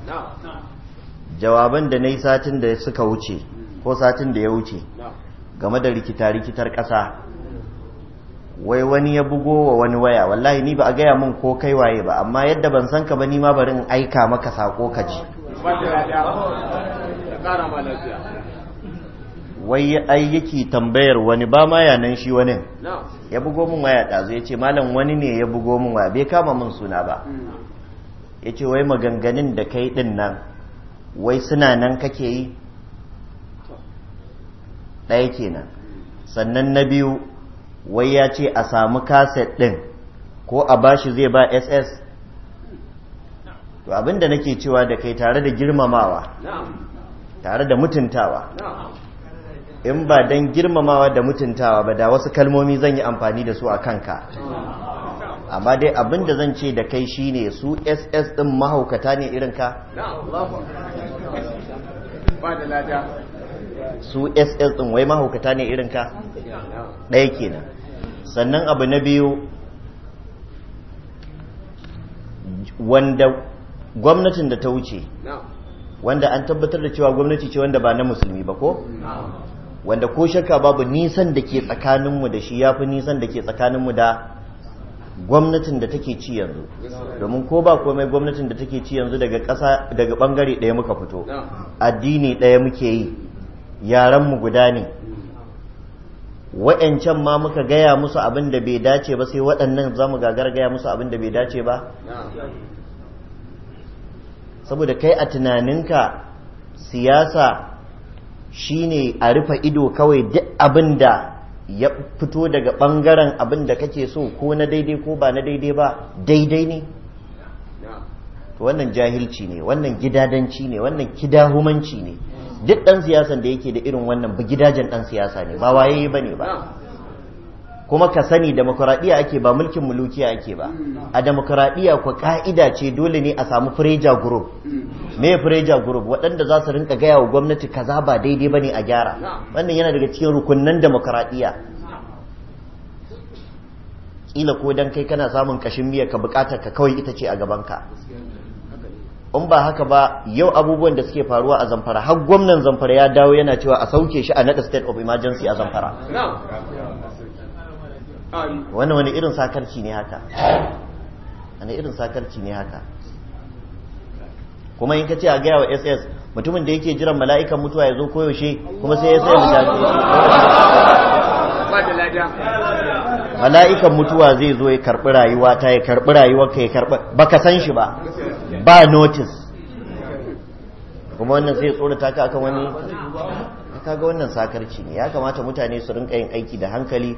jawaban da na yi satin da suka wuce ko satin da ya wuce game da rikita rikitar ƙasa wai wani ya bugo wa wani waya wallahi ni ba a gaya mun ko kai waye ba amma yadda ban san ka ba ni ma bari in aika maka sako ka ji wai ai yake tambayar wani ba ma yanan shi wani ya bugo min waya ɗazu ya ce malam wani ne ya bugo min waya bai kama min suna ba mm. ya ce wai maganganun da kai ɗin nan wai suna nan kake yi ɗaya kenan sannan na biyu wai ya ce a samu kaset ɗin ko a bashi zai ba ss to abinda nake cewa da kai tare da girmamawa tare da mutuntawa in ba don girmamawa da mutuntawa ba da wasu kalmomi zan yi amfani da su a kanka amma dai abinda zan ce da kai shine su ss din mahaukata ne irin ka su ss din wai mahaukata ne irin ka ɗaya kenan sannan abu na biyu wanda gwamnatin da ta wuce wanda an tabbatar da cewa gwamnati ce wanda ba na musulmi ba ko wanda ko shakka babu nisan da ke tsakaninmu da shi ya fi nisan da ke tsakaninmu da gwamnatin da take ci yanzu domin ko ba komai gwamnatin da take ci yanzu daga ƙasa daga ɓangare ɗaya muka fito addini ɗaya muke yi yaranmu guda ne wa'yancan ma muka gaya musu abin da bai dace ba sai waɗannan za mu gagar gaya musu abin da bai dace ba saboda kai a tunaninka siyasa shine a rufe ido kawai duk abin da ya fito daga ɓangaren abin da kake so ko na daidai ko ba na daidai ba daidai ne wannan jahilci ne wannan gidadanci ne wannan kidahumanci ne duk ɗan siyasan da yake da irin wannan gidajen ɗan siyasa ne ba waye ba ne ba kuma ka sani demokuraɗiyya ake ba mulkin mulukiya ake ba a demokuraɗiyya ku ka'ida ce dole ne a samu freja group me freja group waɗanda za su rinka gaya wa gwamnati kaza ba daidai ba ne a gyara wannan yana daga cikin rukunnan demokuraɗiyya ƙila ko dan kai kana samun kashin miya ka buƙatar ka kawai ita ce a gabanka in ba haka ba yau abubuwan da suke faruwa a zamfara har gwamnan zamfara ya dawo yana cewa a sauke shi a naɗa state of emergency a zamfara wani wani irin sakarci ne haka wani irin sakarci ne haka kuma in ka ce a gaya wa ss mutumin da yake jiran mala'ikan mutuwa ya zo koyaushe kuma sai ya sai mutane mala'ikan mutuwa zai zo ya karɓi rayuwa ta ya karɓi rayuwa ka ya karɓi ba ka san shi ba ba notice kuma wannan sai ya ta ka akan wani kaga wannan sakarci ne ya kamata mutane su rinka yin aiki da hankali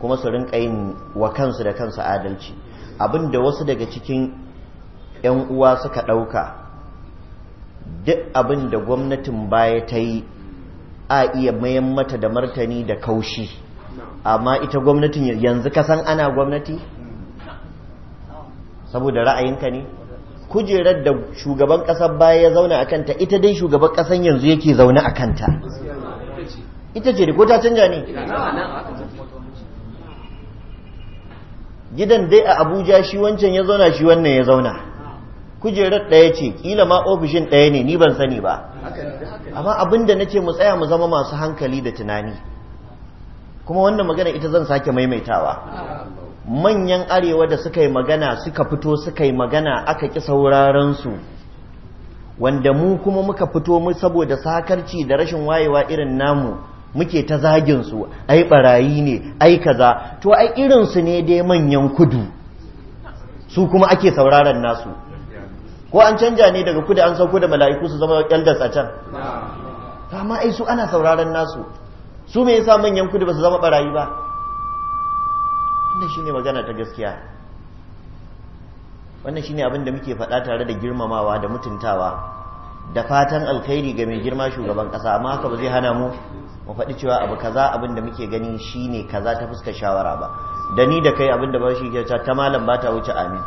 kuma su rinka yin wa kansu da kansu adalci abin da wasu daga cikin 'yan uwa suka ɗauka duk abin da gwamnatin baya ta yi a iya mayan mata da martani da kaushi amma ita gwamnatin yanzu ka san ana gwamnati saboda ra'ayinka ne kujerar da shugaban ƙasar baya ya zauna a kanta ita dai shugaban ƙasar yanzu yake zaune a kanta ita ce da ko ta canja ne gidan dai a abuja shi wancan ya zauna shi wannan ya zauna kujerar ɗaya ce kila ma ofishin ɗaya ne ni ban sani ba amma abin da na ce mu tsaya mu zama masu hankali da tunani kuma wannan magana ita zan sake maimaitawa manyan arewa da suka yi magana suka fito suka yi magana aka ƙi sauraransu su wanda mu kuma muka fito mu saboda sakarci da rashin wayewa irin namu muke ta zagin su ai barayi ne ai kaza to ai irin su ne dai manyan kudu su kuma ake sauraron nasu ko an canja ne daga kudu an sauko da mala'iku su zama elders a can amma ai su ana sauraron nasu su me yasa manyan kudu ba su zama barayi ba wannan shine magana ta gaskiya wannan shine abin da muke faɗa tare da girmamawa da mutuntawa da fatan alkhairi ga mai girma shugaban kasa amma haka ba zai hana mu mu faɗi cewa abu kaza abin da muke ganin shine kaza ta fuskar shawara ba da ni da kai abin da ba shi kyauta ta malam ba ta wuce amin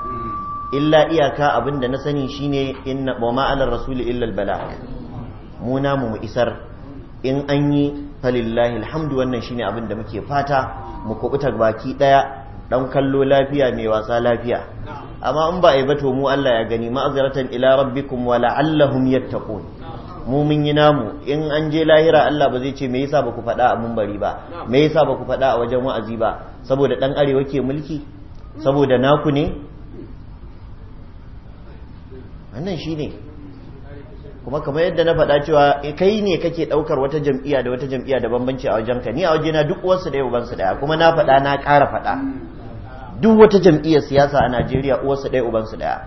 illa iyaka abin da na sani shine inna wa ma ala rasuli illa al bala mu na mu isar in an yi falillahi alhamdu wannan shine abin da muke fata mu kubuta baki daya dan kallo lafiya mai wasa lafiya amma in ba a yi ba to mu Allah ya gani ma'azaratan ila rabbikum wa la'allahum yattaqun mu mun yi namu in an je lahira Allah ba zai ce me yasa ba ku faɗa a mumbari ba me yasa ba ku faɗa a wajen wa'azi ba saboda dan arewa ke mulki saboda naku ne wannan shine kuma kamar yadda na faɗa cewa eh, kai ne kake ɗaukar wata jam'iyya da wata jam'iyya da bambanci a wajenka ni a wajena duk wasu da yau bansu daya kuma na faɗa na ƙara faɗa duk wata jam'iyyar siyasa a Najeriya uwarsa ɗaya ubansu ɗaya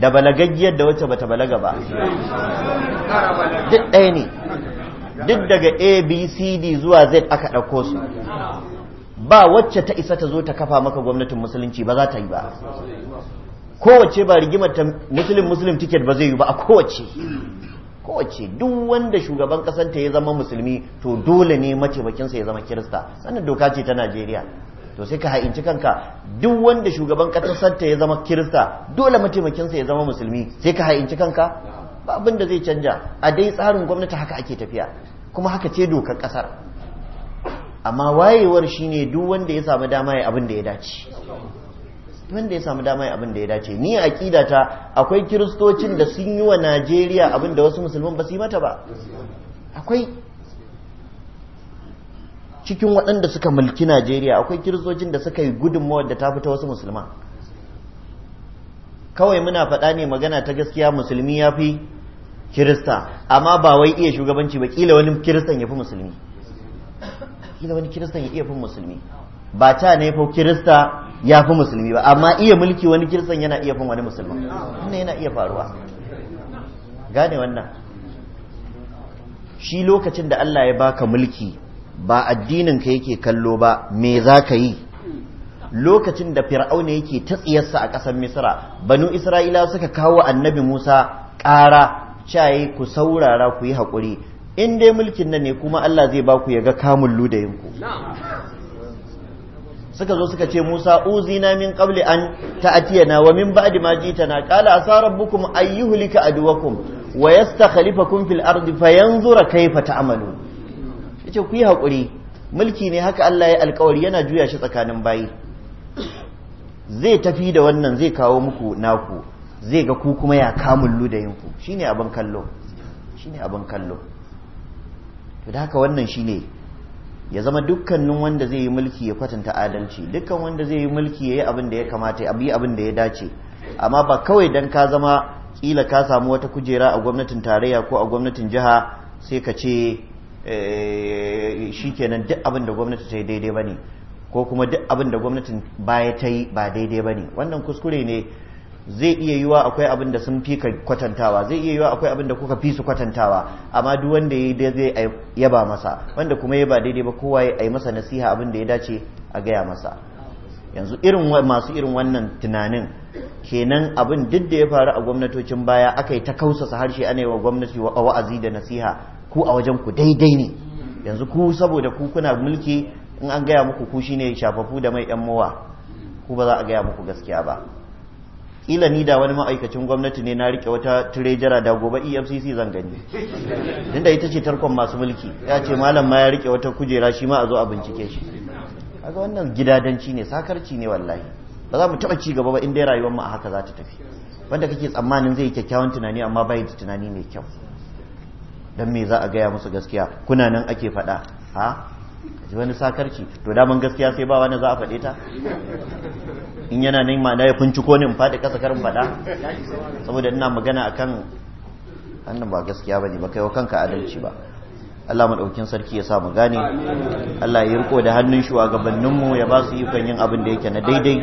da balagaggiyar da wacce bata balaga ba duk ɗaya ne duk daga A,B,C,D zuwa Z aka ɗauko su ba wacce ta isa ta zo ta kafa maka gwamnatin musulunci ba za ta yi ba kowace ba rigimar ta muslim muslim ticket ba zai yi ba a kowace kowace duk wanda shugaban kasanta ya zama musulmi to dole ne mace bakinsa ya zama kirista sannan doka ce ta najeriya to sai ka ha'inci kanka duk wanda shugaban ƙasarta ya zama kirista dole mataimakinsa ya zama musulmi sai ka ha'inci kanka ba abin da zai canja a dai tsarin gwamnati haka ake tafiya kuma haka ce dokar ƙasar amma wayewar shine duk wanda ya samu dama ya abin da ya dace wanda ya samu dama abin da ya dace ni a ta akwai kiristocin da sun yi wa najeriya abin da wasu musulman ba su yi mata ba akwai cikin waɗanda suka mulki najeriya akwai kiristocin da suka yi gudunmawar da ta fita wasu musulman kawai muna faɗa ne magana ta gaskiya musulmi ya fi kirista amma ba wai iya shugabanci ba ƙila wani kiristan ya fi musulmi kila wani kiristan ya iya fi musulmi ba ta ne fa kirista ya fi musulmi ba amma iya mulki wani kiristan yana iya fin wani musulmi wannan yana iya faruwa gane wannan shi lokacin da Allah ya baka mulki ba addinin ka yake kallo ba me za ka yi lokacin da fir'auna yake ta tsiyarsa a ƙasar misra banu isra'ila suka kawo annabi musa ƙara caye ku saurara ku yi haƙuri in dai mulkin nan ne kuma allah zai ba ku ya ga kamun ludayinku suka zo suka ce Musa uzina min qabli an ta'tiyana wa min ba'di ma jitana qala asa rabbukum ayyuhlika adwakum wa yastakhlifakum fil ardi fayanzura kayfa ta'malun yace ku yi hakuri mulki ne haka Allah ya alkawari yana juya shi tsakanin bayi zai tafi da wannan zai kawo muku naku zai ga ku kuma ya kamun ludayinku shine abin kallo shine abin kallo to da haka wannan shine ya zama dukkanin wanda zai yi mulki ya kwatanta adalci dukkan wanda zai yi mulki ya yi abin da ya kamata ya yi abin da ya dace amma ba kawai dan ka zama kila ka samu wata kujera a gwamnatin tarayya ko a gwamnatin jiha sai ka ce Eh, shi duk abin da gwamnati ta yi daidai ba ne. ko kuma duk abin da gwamnatin baya ta yi ba daidai ba ne. wannan kuskure ne zai iya yiwa akwai abin da sun fi kwatantawa zai iya yiwa akwai abin da kuka fi su kwatantawa amma duk wanda ya yi zai yaba masa wanda kuma ya ba daidai ba kowa ya yi masa nasiha abin da ya dace a gaya masa yanzu irin masu irin wannan tunanin kenan abin duk da ya faru a gwamnatocin baya aka yi ta kausasa harshe ana yi wa gwamnati wa'azi da nasiha ku a wajen ku daidai ne yanzu ku saboda ku kuna mulki in an gaya muku ku shine shafafu da mai yan mowa ku ba za a gaya muku gaskiya ba kila ni da wani ma'aikacin gwamnati ne na rike wata tirejara da gobe efcc zan gani tunda ita ce tarkon masu mulki ya ce malam ma ya rike wata kujera shi ma a zo a bincike shi kaga wannan gidadanci ne sakarci ne wallahi ba za mu taba ci gaba ba in dai rayuwar mu a haka za ta tafi wanda kake tsammanin zai yi kyakkyawan tunani amma bai da tunani mai kyau dan me za a gaya musu gaskiya kuna nan ake faɗa ha ji wani sakarci to daman gaskiya sai ba wani za a fade ta in yana nan ma ya finciko ne in faɗi ƙasa karin faɗa saboda ina magana akan annan ba gaskiya bane ba kai wa kanka adalci ba Allah daukin sarki ya sa mu gane Allah ya riko da hannun shugabanninmu ya ba su ikon yin abin da yake na daidai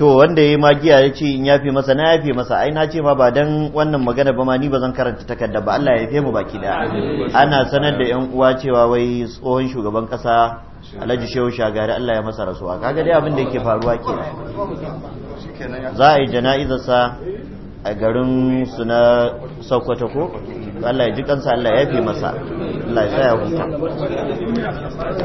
to wanda ya magiya ya ce in yafi masa na yafi masa ai na ce ma ba dan wannan magana ba ma ni ba zan karanta takarda ba Allah ya yafe mu baki da ana sanar da yan uwa cewa wai tsohon shugaban kasa Alhaji Shehu Shagari Allah ya masa rasuwa kaga dai abin da yake faruwa kenan za a yi sa a garin su na Sokoto ko Allah ya ji kansa Allah ya yafe masa Allah ya sa ya huta